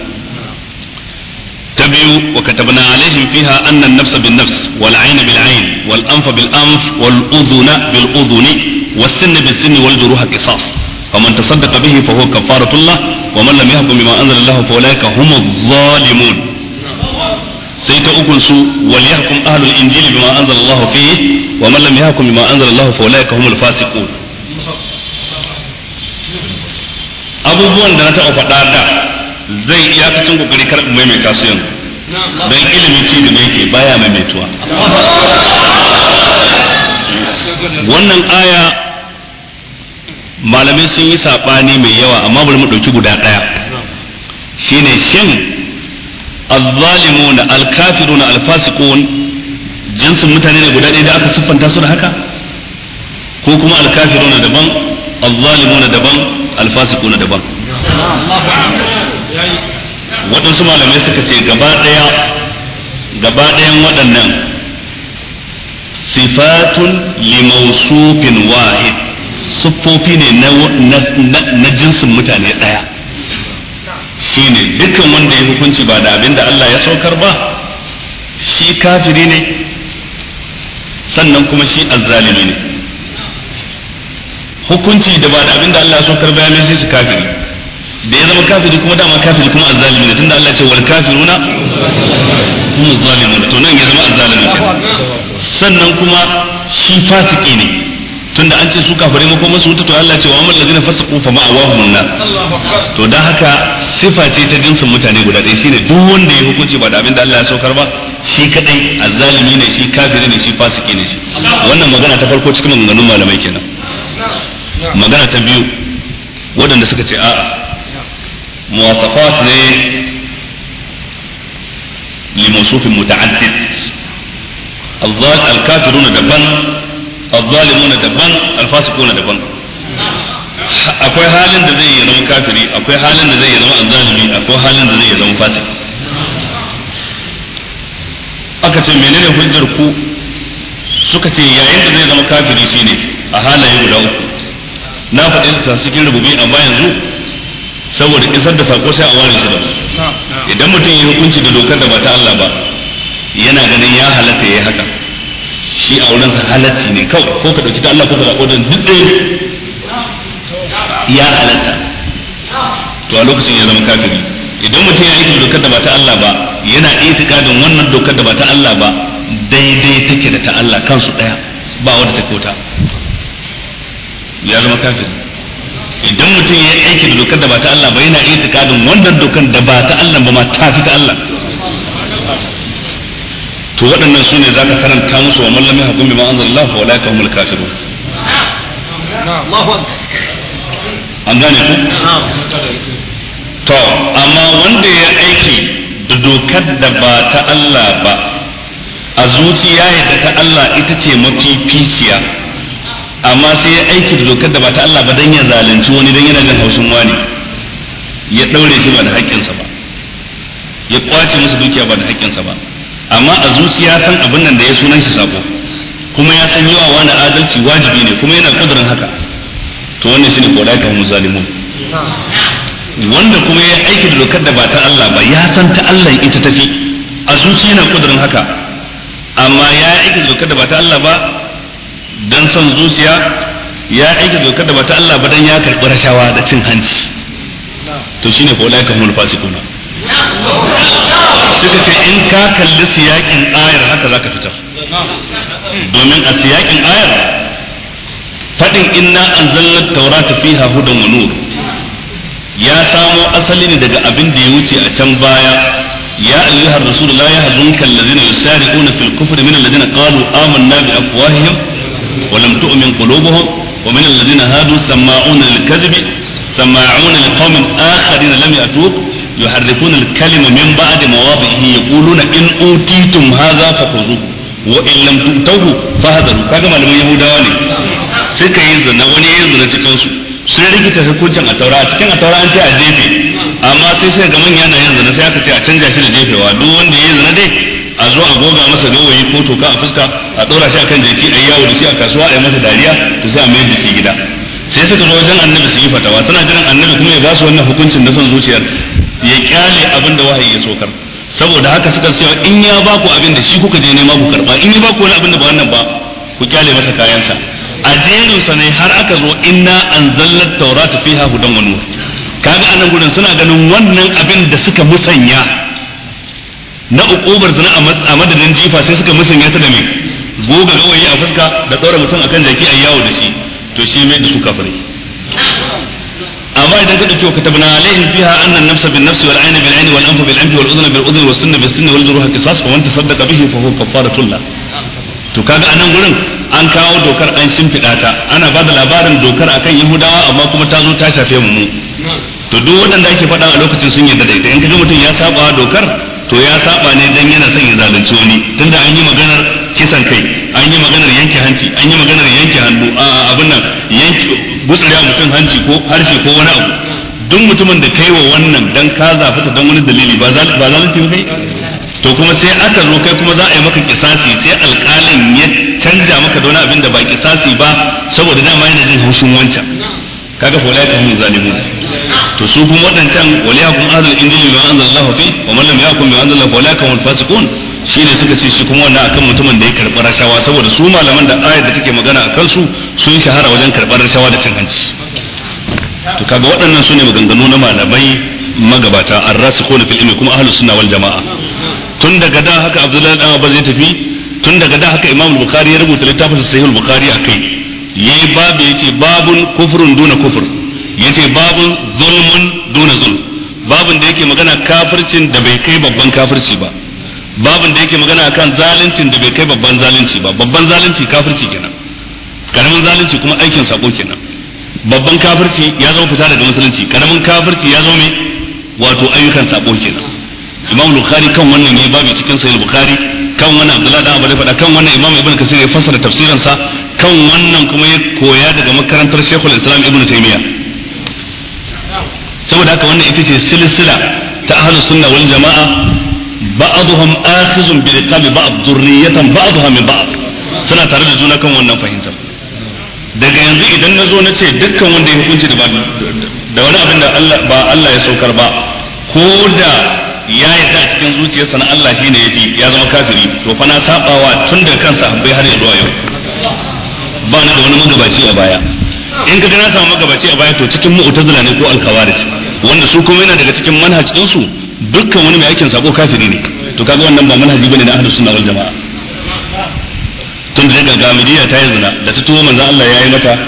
تبيو وكتبنا عليهم فيها أن النفس بالنفس والعين بالعين والأنف بالأنف والأذن بالأذن والسن بالسن والجروح قصاص فمن تصدق به فهو كفارة الله ومن لم يهكم بما أنزل الله فأولئك هم الظالمون سيت أكل سوء وليحكم أهل الإنجيل بما أنزل الله فيه ومن لم يحكم بما أنزل الله فأولئك هم الفاسقون abubuwan da na taɓa faɗa da zai iya kacin kokari kar mai maimaita su yanzu don ilimi ci da mai ke baya maimaituwa. wannan aya malamai sun yi saɓani mai yawa amma bari mu ɗauki guda ɗaya shine shin azzalimuna alkafiruna alfasiqun jinsin mutane ne guda ɗaya da aka siffanta su da haka ko kuma alkafiruna daban azzalimuna daban na daban waɗansu malamai suka ce gaba ɗaya gaba ɗayan waɗannan sifatun limausufin wahid siffofi ne na jinsin mutane ɗaya shi ne dukkan wanda ya hukunci ba da abin da Allah ya saukar ba shi kafiri ne sannan kuma shi azzalimi ne hukunci da ba da abinda Allah ya karba bayan sai su kafiri da ya zama kafiri kuma dama kafiri kuma azzalimi ne tunda Allah ya ce wal kafiruna hum zalimun to nan ya zama azzalimi sannan kuma shi fasiki ne tunda an ce su kafirai mako masu wuta to Allah ce wa amal ladina fasiqu fa ma'awahum nar to dan haka sifa ce ta jinsin mutane guda ɗaya shine duk wanda ya hukunci ba da abinda Allah ya saukar ba shi kadai azzalimi ne shi kafiri ne shi fasiki ne shi wannan magana ta farko cikin maganganun malamai kenan magana ta biyu waɗanda suka ce a'a muwasafat ne limusufin muta'addid alkafiruna daban الظالمون daban alfasikuna daban akwai halin da zai ya zama kafiri akwai halin da zai ya zama azzalimi akwai halin da zai ya zama fasik aka ce menene hujjar ku suka ce yayin da zai zama kafiri shine a halaye guda uku na faɗi sa cikin rububi amma yanzu saboda isar da sako sai a ware shi da idan mutum ya hukunci da dokar da ba ta Allah ba yana ganin ya halatta yayi haka shi a wurinsa halatti ne kawai ko ka dauki ta Allah ko ka dauki duk ɗaya ya halatta to a lokacin ya zama kafiri idan mutum ya aiki dokar da ba ta Allah ba yana itikadin wannan dokar da ba ta Allah ba daidai take da ta Allah kansu ɗaya ba wanda take kota ya zama kafin. idan mutum ya yi aiki da dokar da ba ta Allah ba yana itikadin wannan dokar da ba ta Allah ba ma ta fi ta Allah to waɗannan su ne za ka karanta musu wa mallami hakun bi ma'anzar Allah fa wala kahumul kafirun an gane ku to amma wanda ya aiki da dokar da ba ta Allah ba a zuciya ya ta Allah ita ce mafificiya amma sai ya aiki da dokar da ba ta Allah ba dan ya zalunci wani dan yana jin haushin wani ya daure shi ba da haƙƙinsa ba ya kwace musu dukiya ba da haƙƙinsa ba amma a zuciya san abin nan da ya sunan shi sako kuma ya san yawa wani adalci wajibi ne kuma yana kudurin haka to wannan shine da mu zalimun wanda kuma ya aiki da dokar da ba ta Allah ba ya san ta Allah ita tafi a zuciya yana kudurin haka amma ya aiki da dokar da ba ta Allah ba dan son zuciya ya aika dokar da bata Allah ba dan ya karɓi rashawa da cin hanci to shine fa ulai kamul fasikuna suka ce in ka kalli siyakin ayar haka zaka fita domin a siyakin ayar fadin inna anzalna taurata fiha hudan wa nur ya samo asali ne daga abin da ya wuce a can baya يا أيها الرسول لا يهزمك الذين يسارعون في الكفر من الذين قالوا آمنا بأفواههم ولم تؤمن قلوبهم ومن الذين هادوا سماعون للكذب سماعون لقوم آخرين لم يأتوك يحرفون الكلمة من بعد مواضعه يقولون إن أوتيتم هذا فخذوه وإن لم تؤتوه فهذروا كما malaman Yahudawa ne suka yi zina wani ya sun rikita hukuncin a taura a cikin a taura an ce a jefe amma sai sai ga manya na sai aka ce a canja shi da jefewa duk wanda ya yi zina dai a zo a goga masa gawayi ko toka a fuska a ɗora shi akan jaki a yi yawo da shi a kasuwa a yi masa dariya to sai a mayar da shi gida sai suka zo wajen annabi su yi fatawa suna jiran annabi kuma ya ba su wannan hukuncin na son zuciyar ya kyale abin da wahayi ya sokar saboda haka suka cewa in ya ba ku abin da shi kuka je nema ku karba in ya ba ku wani abin da ba wannan ba ku kyale masa kayansa a jerin sa ne har aka zo inna anzalat taurata fiha hudan wa nur kaga anan gurin suna ganin wannan abin da suka musanya na ukubar zina a madadin jifa sai suka musanya ta da mai goga gawayi a fuska da tsora mutum akan jaki a yawo da shi to shi mai da su kafirai amma idan ka dauki katabna alaihim fiha anna an-nafsa bin-nafsi wal-'ayna bil-'ayni wal-anfa bil-anfi wal-udhna bil-udhni was-sunna bis-sunni wal-juruha qisas fa man tasaddaqa bihi fa huwa kafaratun la to kaga anan gurin an kawo dokar an shimfida ta ana ba da labarin dokar akan yahudawa amma kuma ta zo ta shafe mu to duk waɗanda ake faɗa a lokacin sun yarda da ita in kaga mutum ya saba dokar to ya saba ne dan yana son ya zalunci wani tunda an yi maganar kisan kai an yi maganar yanke hanci an yi maganar yanke hannu a abin nan yanke gutsuri mutum hanci ko harshe ko wani abu duk mutumin da kai wa wannan dan ka zafi ta dan wani dalili ba zalunci ba kai to kuma sai aka zo kai kuma za a yi maka kisasi sai alƙalin ya canja maka da wani abin da ba kisasi ba saboda dama yana jin hushin wancan kaga fa la ta zalimun to su kuma waɗancan waliyakum ahlul injili anzal Allah fi wa man lam yakun bima anzal Allah walaka wal fasiqun shine suka ce shi kuma wannan akan mutumin da ya karɓi rashawa saboda su malaman da ayar da take magana a kansu sun shahara wajen karɓar rashawa da cin hanci to kaga waɗannan su ne maganganu na malamai magabata ar-rasikhuna fil ilmi kuma ahlus sunna wal jamaa tun daga da haka abdullahi dan abbas ya tafi tun daga da haka imam bukhari ya rubuta littafin sahih al-bukhari akai yayi babu yace babun kufrun duna kufrun yace babun zulmun duna zulm babun da yake magana kafircin da bai kai babban kafirci ba babun da yake magana akan zaluncin da bai kai babban zalunci ba babban zalunci kafirci kenan karamin zalunci kuma aikin sako kenan babban kafirci ya zama fita daga musulunci karamin kafirci ya zama wato ayyukan sako kenan imam bukhari kan wannan ne babu cikin sahih bukhari kan wannan abdullahi dan Abdullahi fada kan wannan imam ibnu kasir ya fassara tafsirin sa kan wannan kuma ya koya daga makarantar shaykhul islam ibnu taymiyah saboda haka wannan ita ce silsila ta ahlus sunna wal jama'a ba'dhum akhizun bi riqabi ba'd dhurriyatan ba'dha min ba'd suna tare da juna kan wannan fahimtar daga yanzu idan na zo na ce dukkan wanda ya hukunci da da wani abin da Allah ba Allah ya saukar ba ko da ya yarda a cikin zuciyarsa na Allah shine ya fi ya zama kafiri to fa na sabawa tun da kansa bai har ya zuwa yau ba ni da wani magabaci a baya in ka na samu magabaci a baya to cikin mu'tazila ne ko al wanda su kuma yana daga cikin manhaj su dukkan wani mai aikin sako kafiri ne to kaga wannan ba manhaji bane na ahlus sunna wal jamaa tun da daga gamidiya ta yi zina da ta tuwo manzo Allah ya yi mata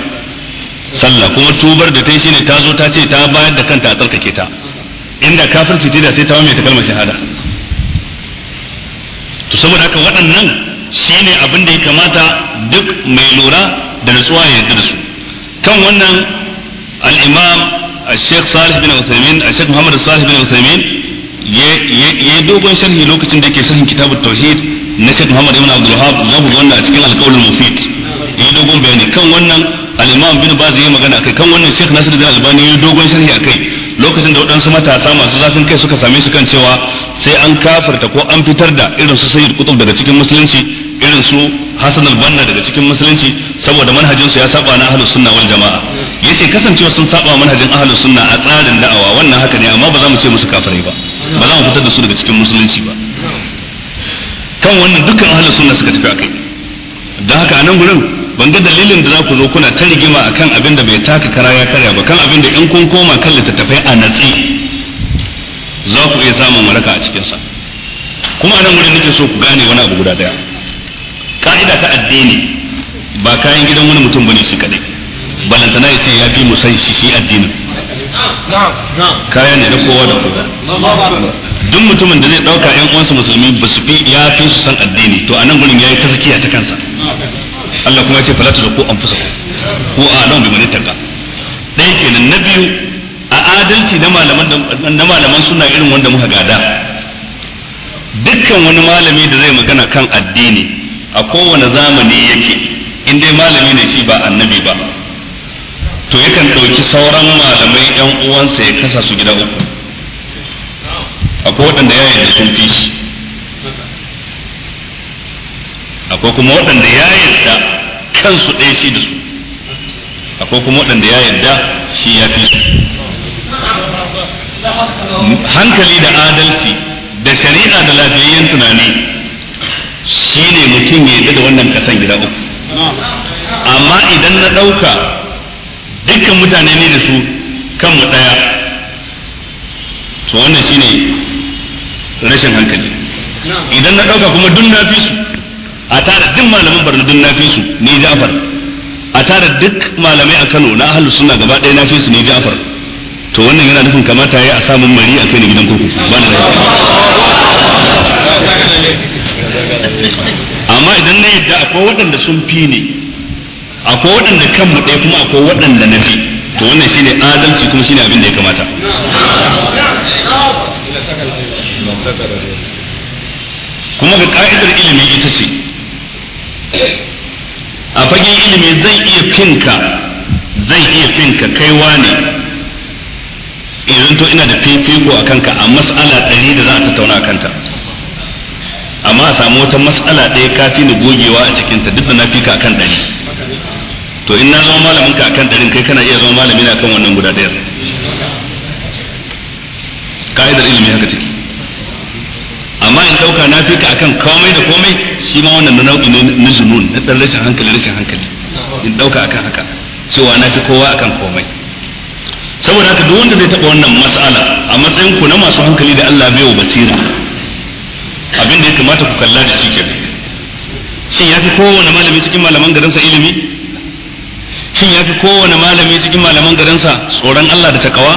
sallah kuma tubar da ta yi shine ta zo ta ce ta bayar da kanta a tsarkake ta inda kafirci ce da sai ta mai ta kalmar shahada to saboda haka waɗannan shine abin da ya kamata duk mai lura da nutsuwa ya yarda da su kan wannan al-imam al-sheikh salih bin uthaymin al-sheikh muhammad salih bin uthaymin ya dogon sharhi lokacin da yake sharhin kitabut tauhid na sheikh muhammad ibn abdul wahab zamu wannan a cikin al-qawl ya dogon bayani kan wannan al-imam bin baz ya magana kai kan wannan sheikh nasir bin albani ya dogon sharhi akai lokacin da waɗansu matasa masu zafin kai suka same su kan cewa sai an kafirta ko an fitar da irin su sayyid kutub daga cikin musulunci irin su hasan albanna daga cikin musulunci saboda manhajin su ya saba na ahlus sunna wal jamaa yace kasancewa sun saba manhajin ahlus sunna a tsarin da'awa wannan haka ne amma ba za mu ce musu kafirai ba ba za mu fitar da su daga cikin musulunci ba kan wannan dukkan ahlus sunna suka tafi akai dan haka anan gurin ban ga dalilin da za ku zo kuna ta rigima akan abin da bai taka kara ya karya ba kan abin da in kun koma kan littattafai a natsi za ku iya samun maraka a cikin sa kuma anan gurin nake so ku gane wani abu guda daya ka'ida ta addini ba kayan gidan wani mutum bane shi kadai balantana ya ce ya fi mu san shi shi addinin kaya ne na kowa da kowa duk mutumin da zai dauka yan uwansa musulmi ba su fi ya fi su san addini to a nan gurin yayi tazkiya ta kansa Allah kuma ya ce fala an fusa ko a nan bi taka dai kenan na biyu a adalci na malaman na malaman suna irin wanda muka gada dukkan wani malami da zai magana kan addini a kowane zamani yake in dai malami ne shi ba annabi ba to yakan ɗauki sauran malamai ɗan uwansa ya kasa su gida uku akwai waɗanda ya yarda sun fi shi akwai kuma waɗanda ya yarda kansu ɗaya shi da su akwai kuma waɗanda ya yarda shi ya fi su hankali da adalci da shari'a da lafiyayyen tunani shi ne mutum ya yarda da wannan kasan gida uku amma idan na ɗauka dukkan mutane ne da su kanmu ɗaya to wannan shine rashin hankali idan na ɗauka kuma dun na fi su a tara duk malamin barna dun na fi su ne ja'far a tara duk malamai a kano na ahalu suna gaba ɗaya na fi su ne ja'far to wannan yana nufin kamata ya yi a samun mari a kai ne gidan kurkuku ba na amma idan na yadda akwai waɗanda sun fi ne akwai waɗanda kanmu ɗaya kuma akwai waɗanda na fi to wannan shine adalci kuma shine abin da ya kamata kuma ga ka'idar ilimi ita ce a fagen ilimi zai iya finka zai iya finka kaiwa ne idan to ina da fifiko a kanka a mas'ala ɗari da za a tattauna a kanta amma a samu wata matsala ɗaya kafi ni gogewa a cikinta duk da na fi ka akan ɗari to in na zama malamin ka akan ɗarin kai kana iya zama malami na kan wannan guda ɗayar ka'idar ilimi haka ciki amma in ɗauka na fi ka akan komai da komai shi ma wannan nau'i ne na zunun na ɗan rashin hankali rashin hankali in ɗauka akan haka cewa na fi kowa akan komai saboda haka duk wanda zai taɓa wannan mas'ala a matsayin ku na masu hankali da Allah bai wa basira abin da ya kamata ku kalla da shi ke shin ya fi kowane malami cikin malaman garinsa ilimi shin ya fi kowane malami cikin malaman garinsa tsoron Allah da takawa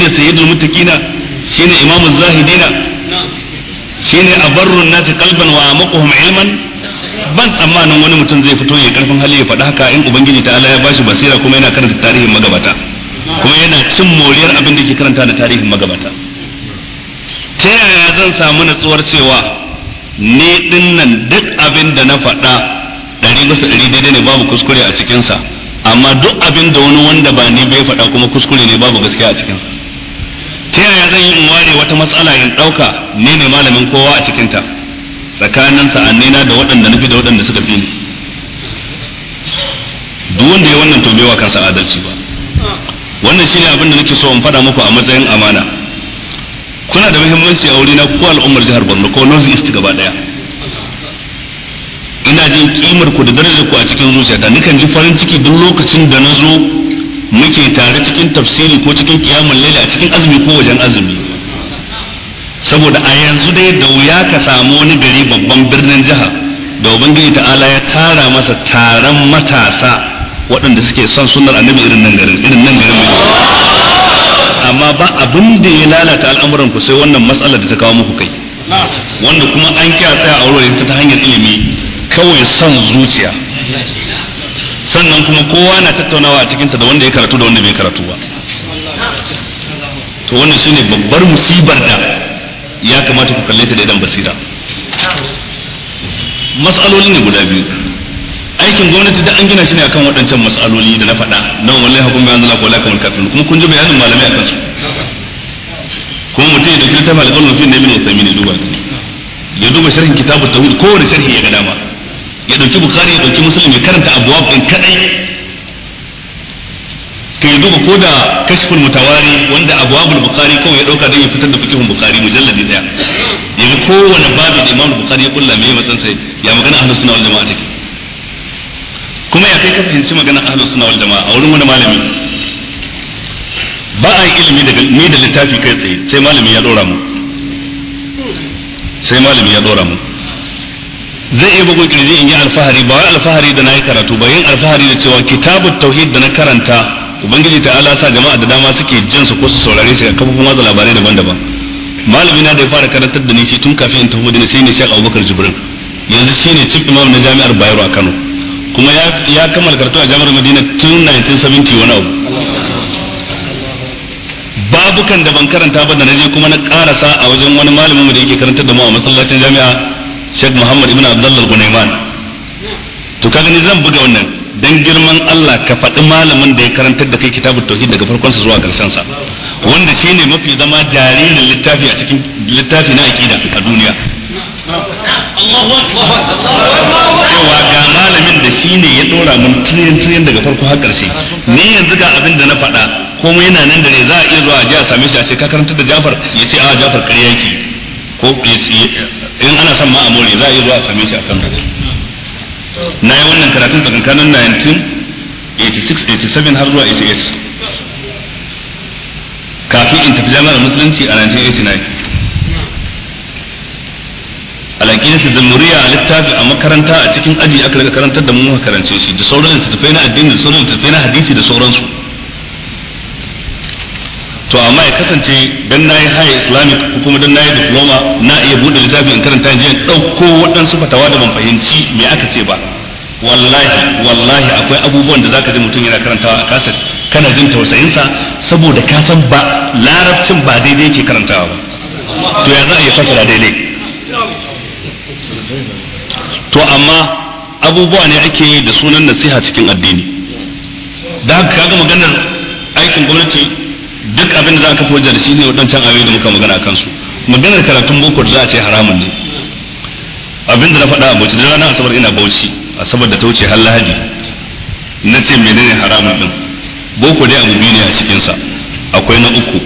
ne sayyidul muttaqina ne imamul zahidina ne abarrun nasi kalban wa amaquhum ilman ban tsammanin wani mutum zai fito ya karfin hali ya faɗa haka in ubangiji ta Allah ya bashi basira kuma yana karanta tarihin magabata kuma yana cin moriyar abin da ke karanta da tarihin magabata ta yaya zan samu natsuwar cewa ni dinnan duk abin da na faɗa ɗari bisa ɗari daidai ne babu kuskure a cikinsa amma duk abin da wani wanda ba ni bai faɗa kuma kuskure ne babu gaskiya a cikinsa ta yaya zan yi in ware wata matsala in ɗauka ni ne malamin kowa a cikinta tsakanin sa'annina da waɗanda nufi da waɗanda suka fi ni duk wanda ya wannan to bai wa kansa adalci ba wannan shine abin da nake so in faɗa muku a matsayin amana kuna da muhimmanci a wurina ko al'ummar jihar Borno ko North East gaba daya ina jin kimar ku da darajar ku a cikin zuciyata nikan ji farin ciki duk lokacin da na zo muke tare cikin tafsiri ko cikin kiyamul laila a cikin azumi ko wajen azumi saboda a yanzu dai da wuya ka samu wani gari babban birnin jiha da ubangiji ta'ala ya tara masa taron matasa waɗanda suke son sunnar annabi irin nan garin irin nan garin mai amma ba abin da ya lalata al'amuran ku sai wannan matsalar da ta kawo muku kai wanda kuma an kya tsaya a wurin ta hanyar ilimi kawai son zuciya sannan kuma kowa na tattaunawa a cikinta da wanda ya karatu da wanda bai karatu ba to wannan shine babbar musibar da ya kamata ku kalle ta da idan basira mas'alolin ne guda biyu aikin gwamnati da an gina shi ne akan waɗancan mas'aloli da na faɗa don wallahi hukum bayan zala ko la kamar kafin kuma kun ji bayanin malamai akan su kuma mutum ya dauki littafin alƙalin mafi ne min wasanni ne duba ya duba sharhin kitabu tawhid kowane sharhi ya ga dama ya dauki bukhari ya dauki muslim ya karanta abwab din kadai Ka ya duba ko da kashful mutawari wanda abwabul bukhari kawai ya dauka don ya fitar da fikihun bukhari mujalladi daya ya ga kowane babin da imam bukhari ya kulla mai matsansa ya magana ahlus sunna wal jama'a take kuma ya kai ka fahimci magana ahlus sunna wal jamaa a wurin wani malami ba a ilimi daga ni da littafi kai tsaye sai malami ya dora mu sai malami ya dora mu zai iya bugun kirji in yi alfahari ba wai alfahari da na yi karatu ba yin alfahari da cewa kitabut tauhid da na karanta ubangiji ta ala sa jama'a da dama suke jin su ko su saurare su a kafofin watsa labarai daban-daban malami na da ya fara karantar da ni shi tun kafin in tafi madina sai ne shek abubakar jibril yanzu ne cikin imam na jami'ar bayero a kano kuma ya kammala karatu a jami'ar madina tun 1970 wani abu babukan da ban karanta ba da naje kuma na karasa a wajen wani malamin mu da yake karantar da mu a masallacin jami'a Sheikh Muhammad ibn Abdullah Gunaiman to kaga ni zan buga wannan dan girman Allah ka faɗi malamin da ya karantar da kai kitabul tauhid daga farkon sa zuwa karshen sa wanda shine mafi zama jaririn littafi a cikin littafi na aqida a duniya cewa ga malamin da shi ne ya dora mun tiriyan tiriyan daga farko har karshe ne yanzu ga abin da na faɗa komai yana nan da ne za a iya zuwa a ji a same shi a ce ka karanta da Jafar ya ce a Jafar ƙarya yake ko in ana son ma a more za a iya zuwa a same shi a kan na yi wannan karatun tsakankanin 1986-87 har zuwa 88 kafin in tafi jami'ar musulunci a 1989 su da muriya a littafi a makaranta a cikin aji aka daga karantar da mu karance shi da sauran tafai na addini da sauran tafai na hadisi da sauransu to amma ya kasance dan na yi high islamic ko kuma dan na yi diploma na iya buɗe littafi in karanta in je in ɗauko waɗansu fatawa da ban fahimci me aka ce ba wallahi wallahi akwai abubuwan da zaka ji mutum yana karantawa a kasar kana jin tausayinsa saboda ka san ba larabcin ba daidai yake karantawa ba to ya za a yi fasara daidai to amma abubuwa ne ake yi da sunan nasiha cikin addini da haka kaga maganar aikin gwamnati duk abin da za a kafa wajen da shi ne wadancan abin da muka magana su maganar karatun boko za a ce haramun ne abin da na faɗa a bauchi da ranar asabar ina bauchi asabar da ta wuce har lahadi na ce menene haramun din boko dai abu biyu ne a cikinsa akwai na uku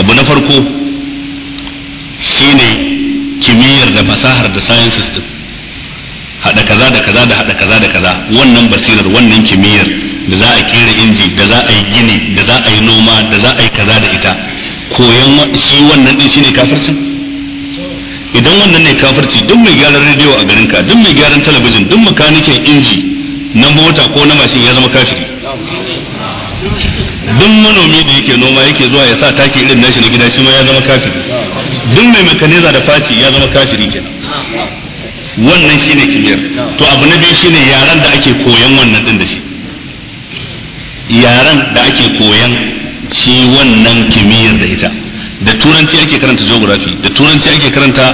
abu na farko shine kimiyyar da fasahar da sciences din hada kaza da kaza da hada kaza da kaza wannan basirar wannan kimiyyar da za a kera inji da za a yi gini da za a yi noma da za a yi kaza da ita koyan shi wannan din shine kafircin idan wannan ne kafirci duk mai gyaran rediyo a garinka duk mai gyaran talabijin duk makanikin inji na mota ko na mashin ya zama kafiri duk manomi da yake noma yake zuwa ya sa taki irin nashi na gida shi ma ya zama kafiri duk mai mekaniza da faci ya zama kafiri kenan wannan shine kimiyyar to abu na biyu shine yaran da ake koyan wannan din da shi yaran da ake koyan shi wannan kimiyyar da ita da turanci ake karanta geography da turanci ake karanta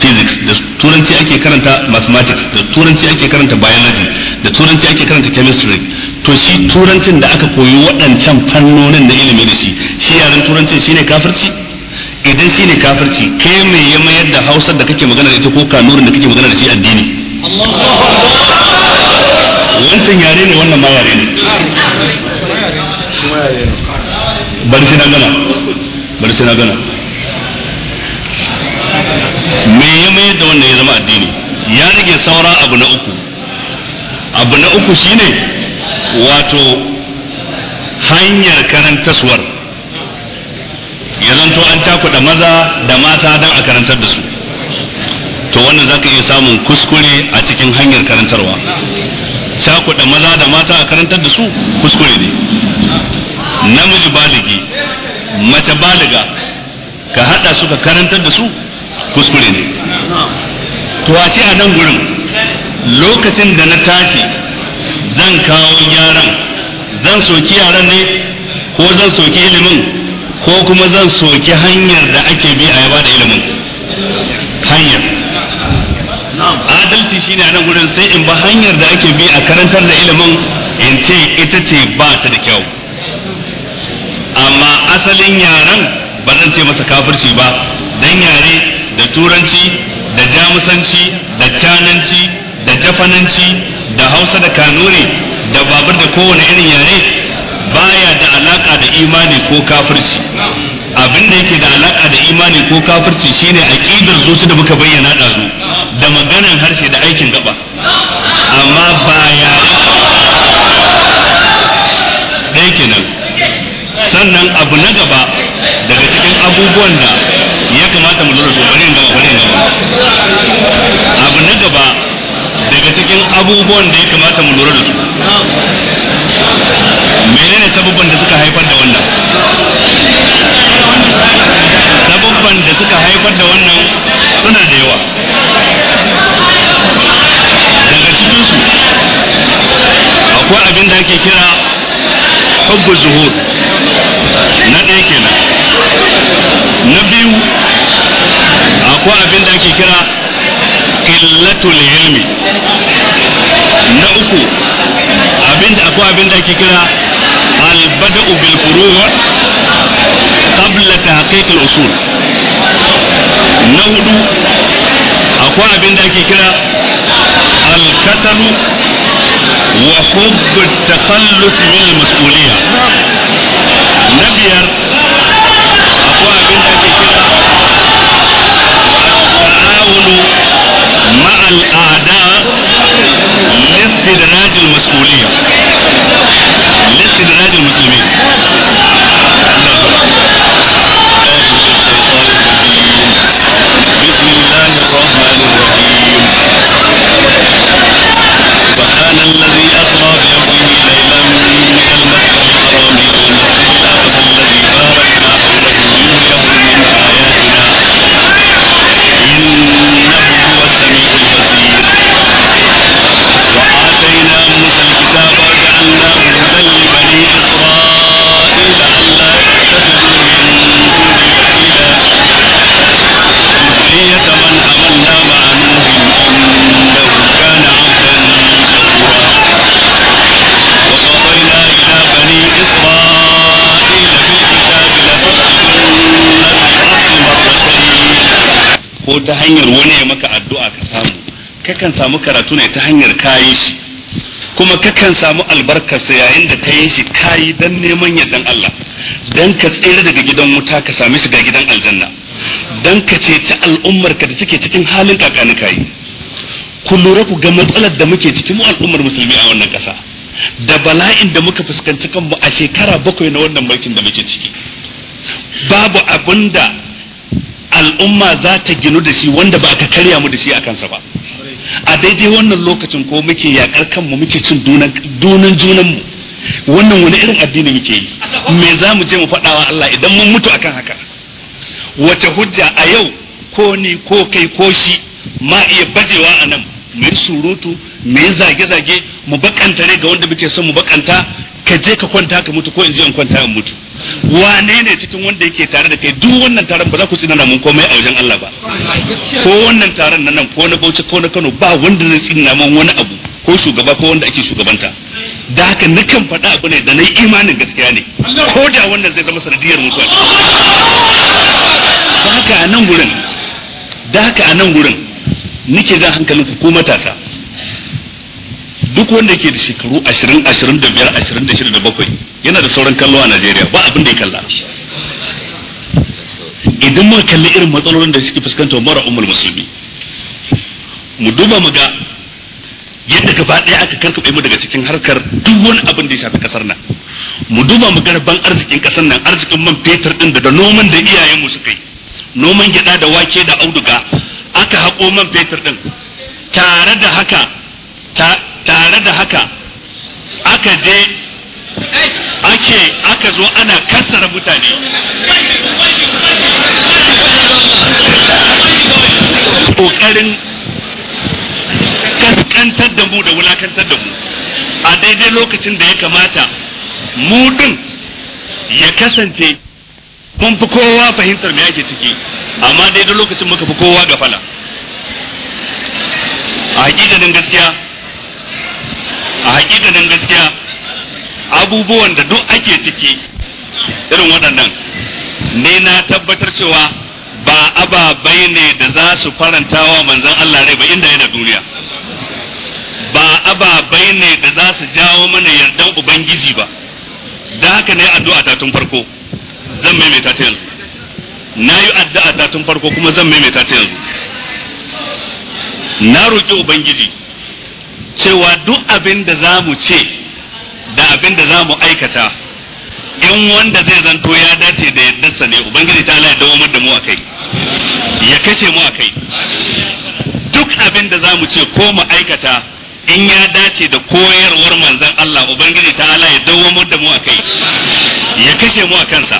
physics da turanci ake karanta mathematics da turanci ake karanta biology da turanci ake karanta chemistry to shi turancin da aka koyi waɗancan fannonin da ilimi da shi shi yaren turancin shine kafirci idan shi ne kafirci ke me ya mayar da hausar da kake magana da ita ko kanurin da kake magana da shi addini wancan yare ne wannan ma yare ne bari shi na gana bari shi na gana me ya mayar da wannan ya zama addini ya rage saura abu na uku abu na uku shine wato hanyar karantaswar ya zanto an cakuɗa maza da mata don a karantar da su to wannan zaka iya samun kuskure a cikin hanyar karantarwa cakuɗa maza da mata a karantar da su kuskure ne namiji baligi mace baliga ka haɗa su ka karantar da su kuskure ne to a a nan gurin lokacin da na tashi zan kawo yaran zan soki yaran ne ko zan soki ilimin ko kuma zan soki hanyar da ake bi a yaba da ilimin hanyar adalci shine a nan gudun sai in ba hanyar da ake bi a karantar da ilimin in ce ita ce ba ta da kyau amma asalin yaren ba zan ce masa kafirci ba dan yare da turanci da jamusanci da cananci da jafananci da hausa da kanuri da babur da kowane irin yare baya da alaka da imani ko kafirci abin da yake da alaka da imani ko kafirci shine aqidar zuci da muka bayyana da dazu da maganan harshe da aikin gaba amma baya dai kenan sannan abu na gaba daga cikin abubuwan da ya kamata mu lura su bare da bare da abu na gaba daga cikin abubuwan da ya kamata mu lura da su sabubban da suka haifar da wannan sabubban da suka haifar da wannan suna da yawa daga cikinsu akwai abin da ake kira hubbu zuhur na ɗaya kenan na biyu akwai abin da ake kira qillatul ilmi na uku abin da akwai abin da ake kira البدء بالفروع قبل تحقيق الأصول نود أقوى بين ذلك كلا الكسل وحب التخلص من المسؤولية نبير أقوى بين ذلك كلا التعاون مع الأعداء لاستدراج المسؤولية العالمين ta hanyar wani ya maka addu'a ka samu kakan samu karatu ne ta hanyar kayi shi kuma kakan samu albarkarsa yayin da kayi yi shi kayi dan neman yardan Allah dan ka tsere daga gidan wuta ka sami shiga gidan aljanna dan ka ceci al'ummar ka da take cikin halin kakani kayi ku lura ku ga matsalar da muke cikin mu al'ummar musulmi a wannan kasa da bala'in da muka fuskanci kanmu a shekara bakwai na wannan mulkin da muke ciki babu abinda al'umma za ta ginu da shi wanda ba ka karya mu da shi a kansa ba a daidai wannan lokacin ko muke yakar kanmu muke cin dunan junanmu wannan wani irin addini muke yi me za mu je mu faɗawa Allah idan mun mutu akan haka wace hujja a yau ko ni ko kai ko shi ma iya bajewa a nan mai surutu mai zage-zage mu bakanta ne ga wanda muke son mu bakanta ka je ka kwanta ka mutu ko in je in kwanta in mutu wane ne cikin wanda yake tare da kai duk wannan taron ba za ku tsinana mun komai a wajen Allah ba ko wannan taron na nan ko na Bauchi ko na Kano ba wanda zai tsinana mun wani abu ko shugaba ko wanda ake shugabanta da haka nakan faɗa abu ne da nayi imanin gaskiya ne ko da wannan zai zama sanadiyar mutuwa ba haka a nan gurin da haka a nan gurin nike zan hankalin ku ko matasa duk wanda ke da shekaru 20 25 26 da bakwai yana da sauran kallo a Najeriya ba abin da ya kalla idan muka kalli irin matsalolin da suke fuskanta mara ummul musulmi mu duba mu ga yadda gaba ɗaya aka karkaɓe mu daga cikin harkar duk wani abin da ya shafi kasar nan mu duba mu ga ban arzikin kasar nan arzikin man fetur ɗin da noman da mu suka yi noman gyaɗa da wake da auduga aka haƙo man fetur ɗin tare da haka ta tare da haka aka je ake aka zo ana kasara mutane ƙoƙarin kaskantar da mu da wulakantar da mu a daidai lokacin da ya kamata mu ya kasance mun fi kowa fahimtar mai ake ciki amma daidai lokacin muka fi kowa ga fala a hakikanin gaskiya a hakikanin gaskiya abubuwan da duk ake ciki irin waɗannan ne na tabbatar cewa ba ababai ne da za su faranta wa manzan Allah rai ba inda yana duniya ba ababai ne da za su jawo mana yardan ubangiji ba da haka ne addu'a ta tun farko zan maimaita ta yanzu na yi addu'a ta tun farko kuma zan maimaita ta yanzu na roƙi ubangiji cewa duk abin da za mu ce da abin da za mu aikata in wanda zai zanto ya dace da yaddarsa ne ubangiji ta Allah ya dawamar da mu a kai ya kashe mu a kai duk abin da za mu ce ko mu aikata in ya dace da koyarwar manzan Allah ubangiji ta ala ya dawwamar da mu a kai ya kashe mu a kansa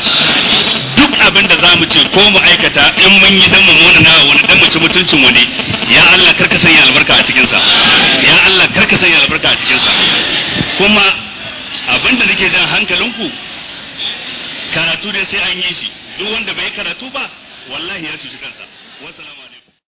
duk abin da za mu ce ko mu aikata in mun yi dan muna na wani dan mu ci mutuncin wani ya Allah karka sanya albarka a cikinsa ya Allah karka sanya albarka a cikinsa kuma abin da nake jan hankalinku karatu dai sai an yi shi duk wanda bai karatu ba wallahi ya cuci kansa wassalamu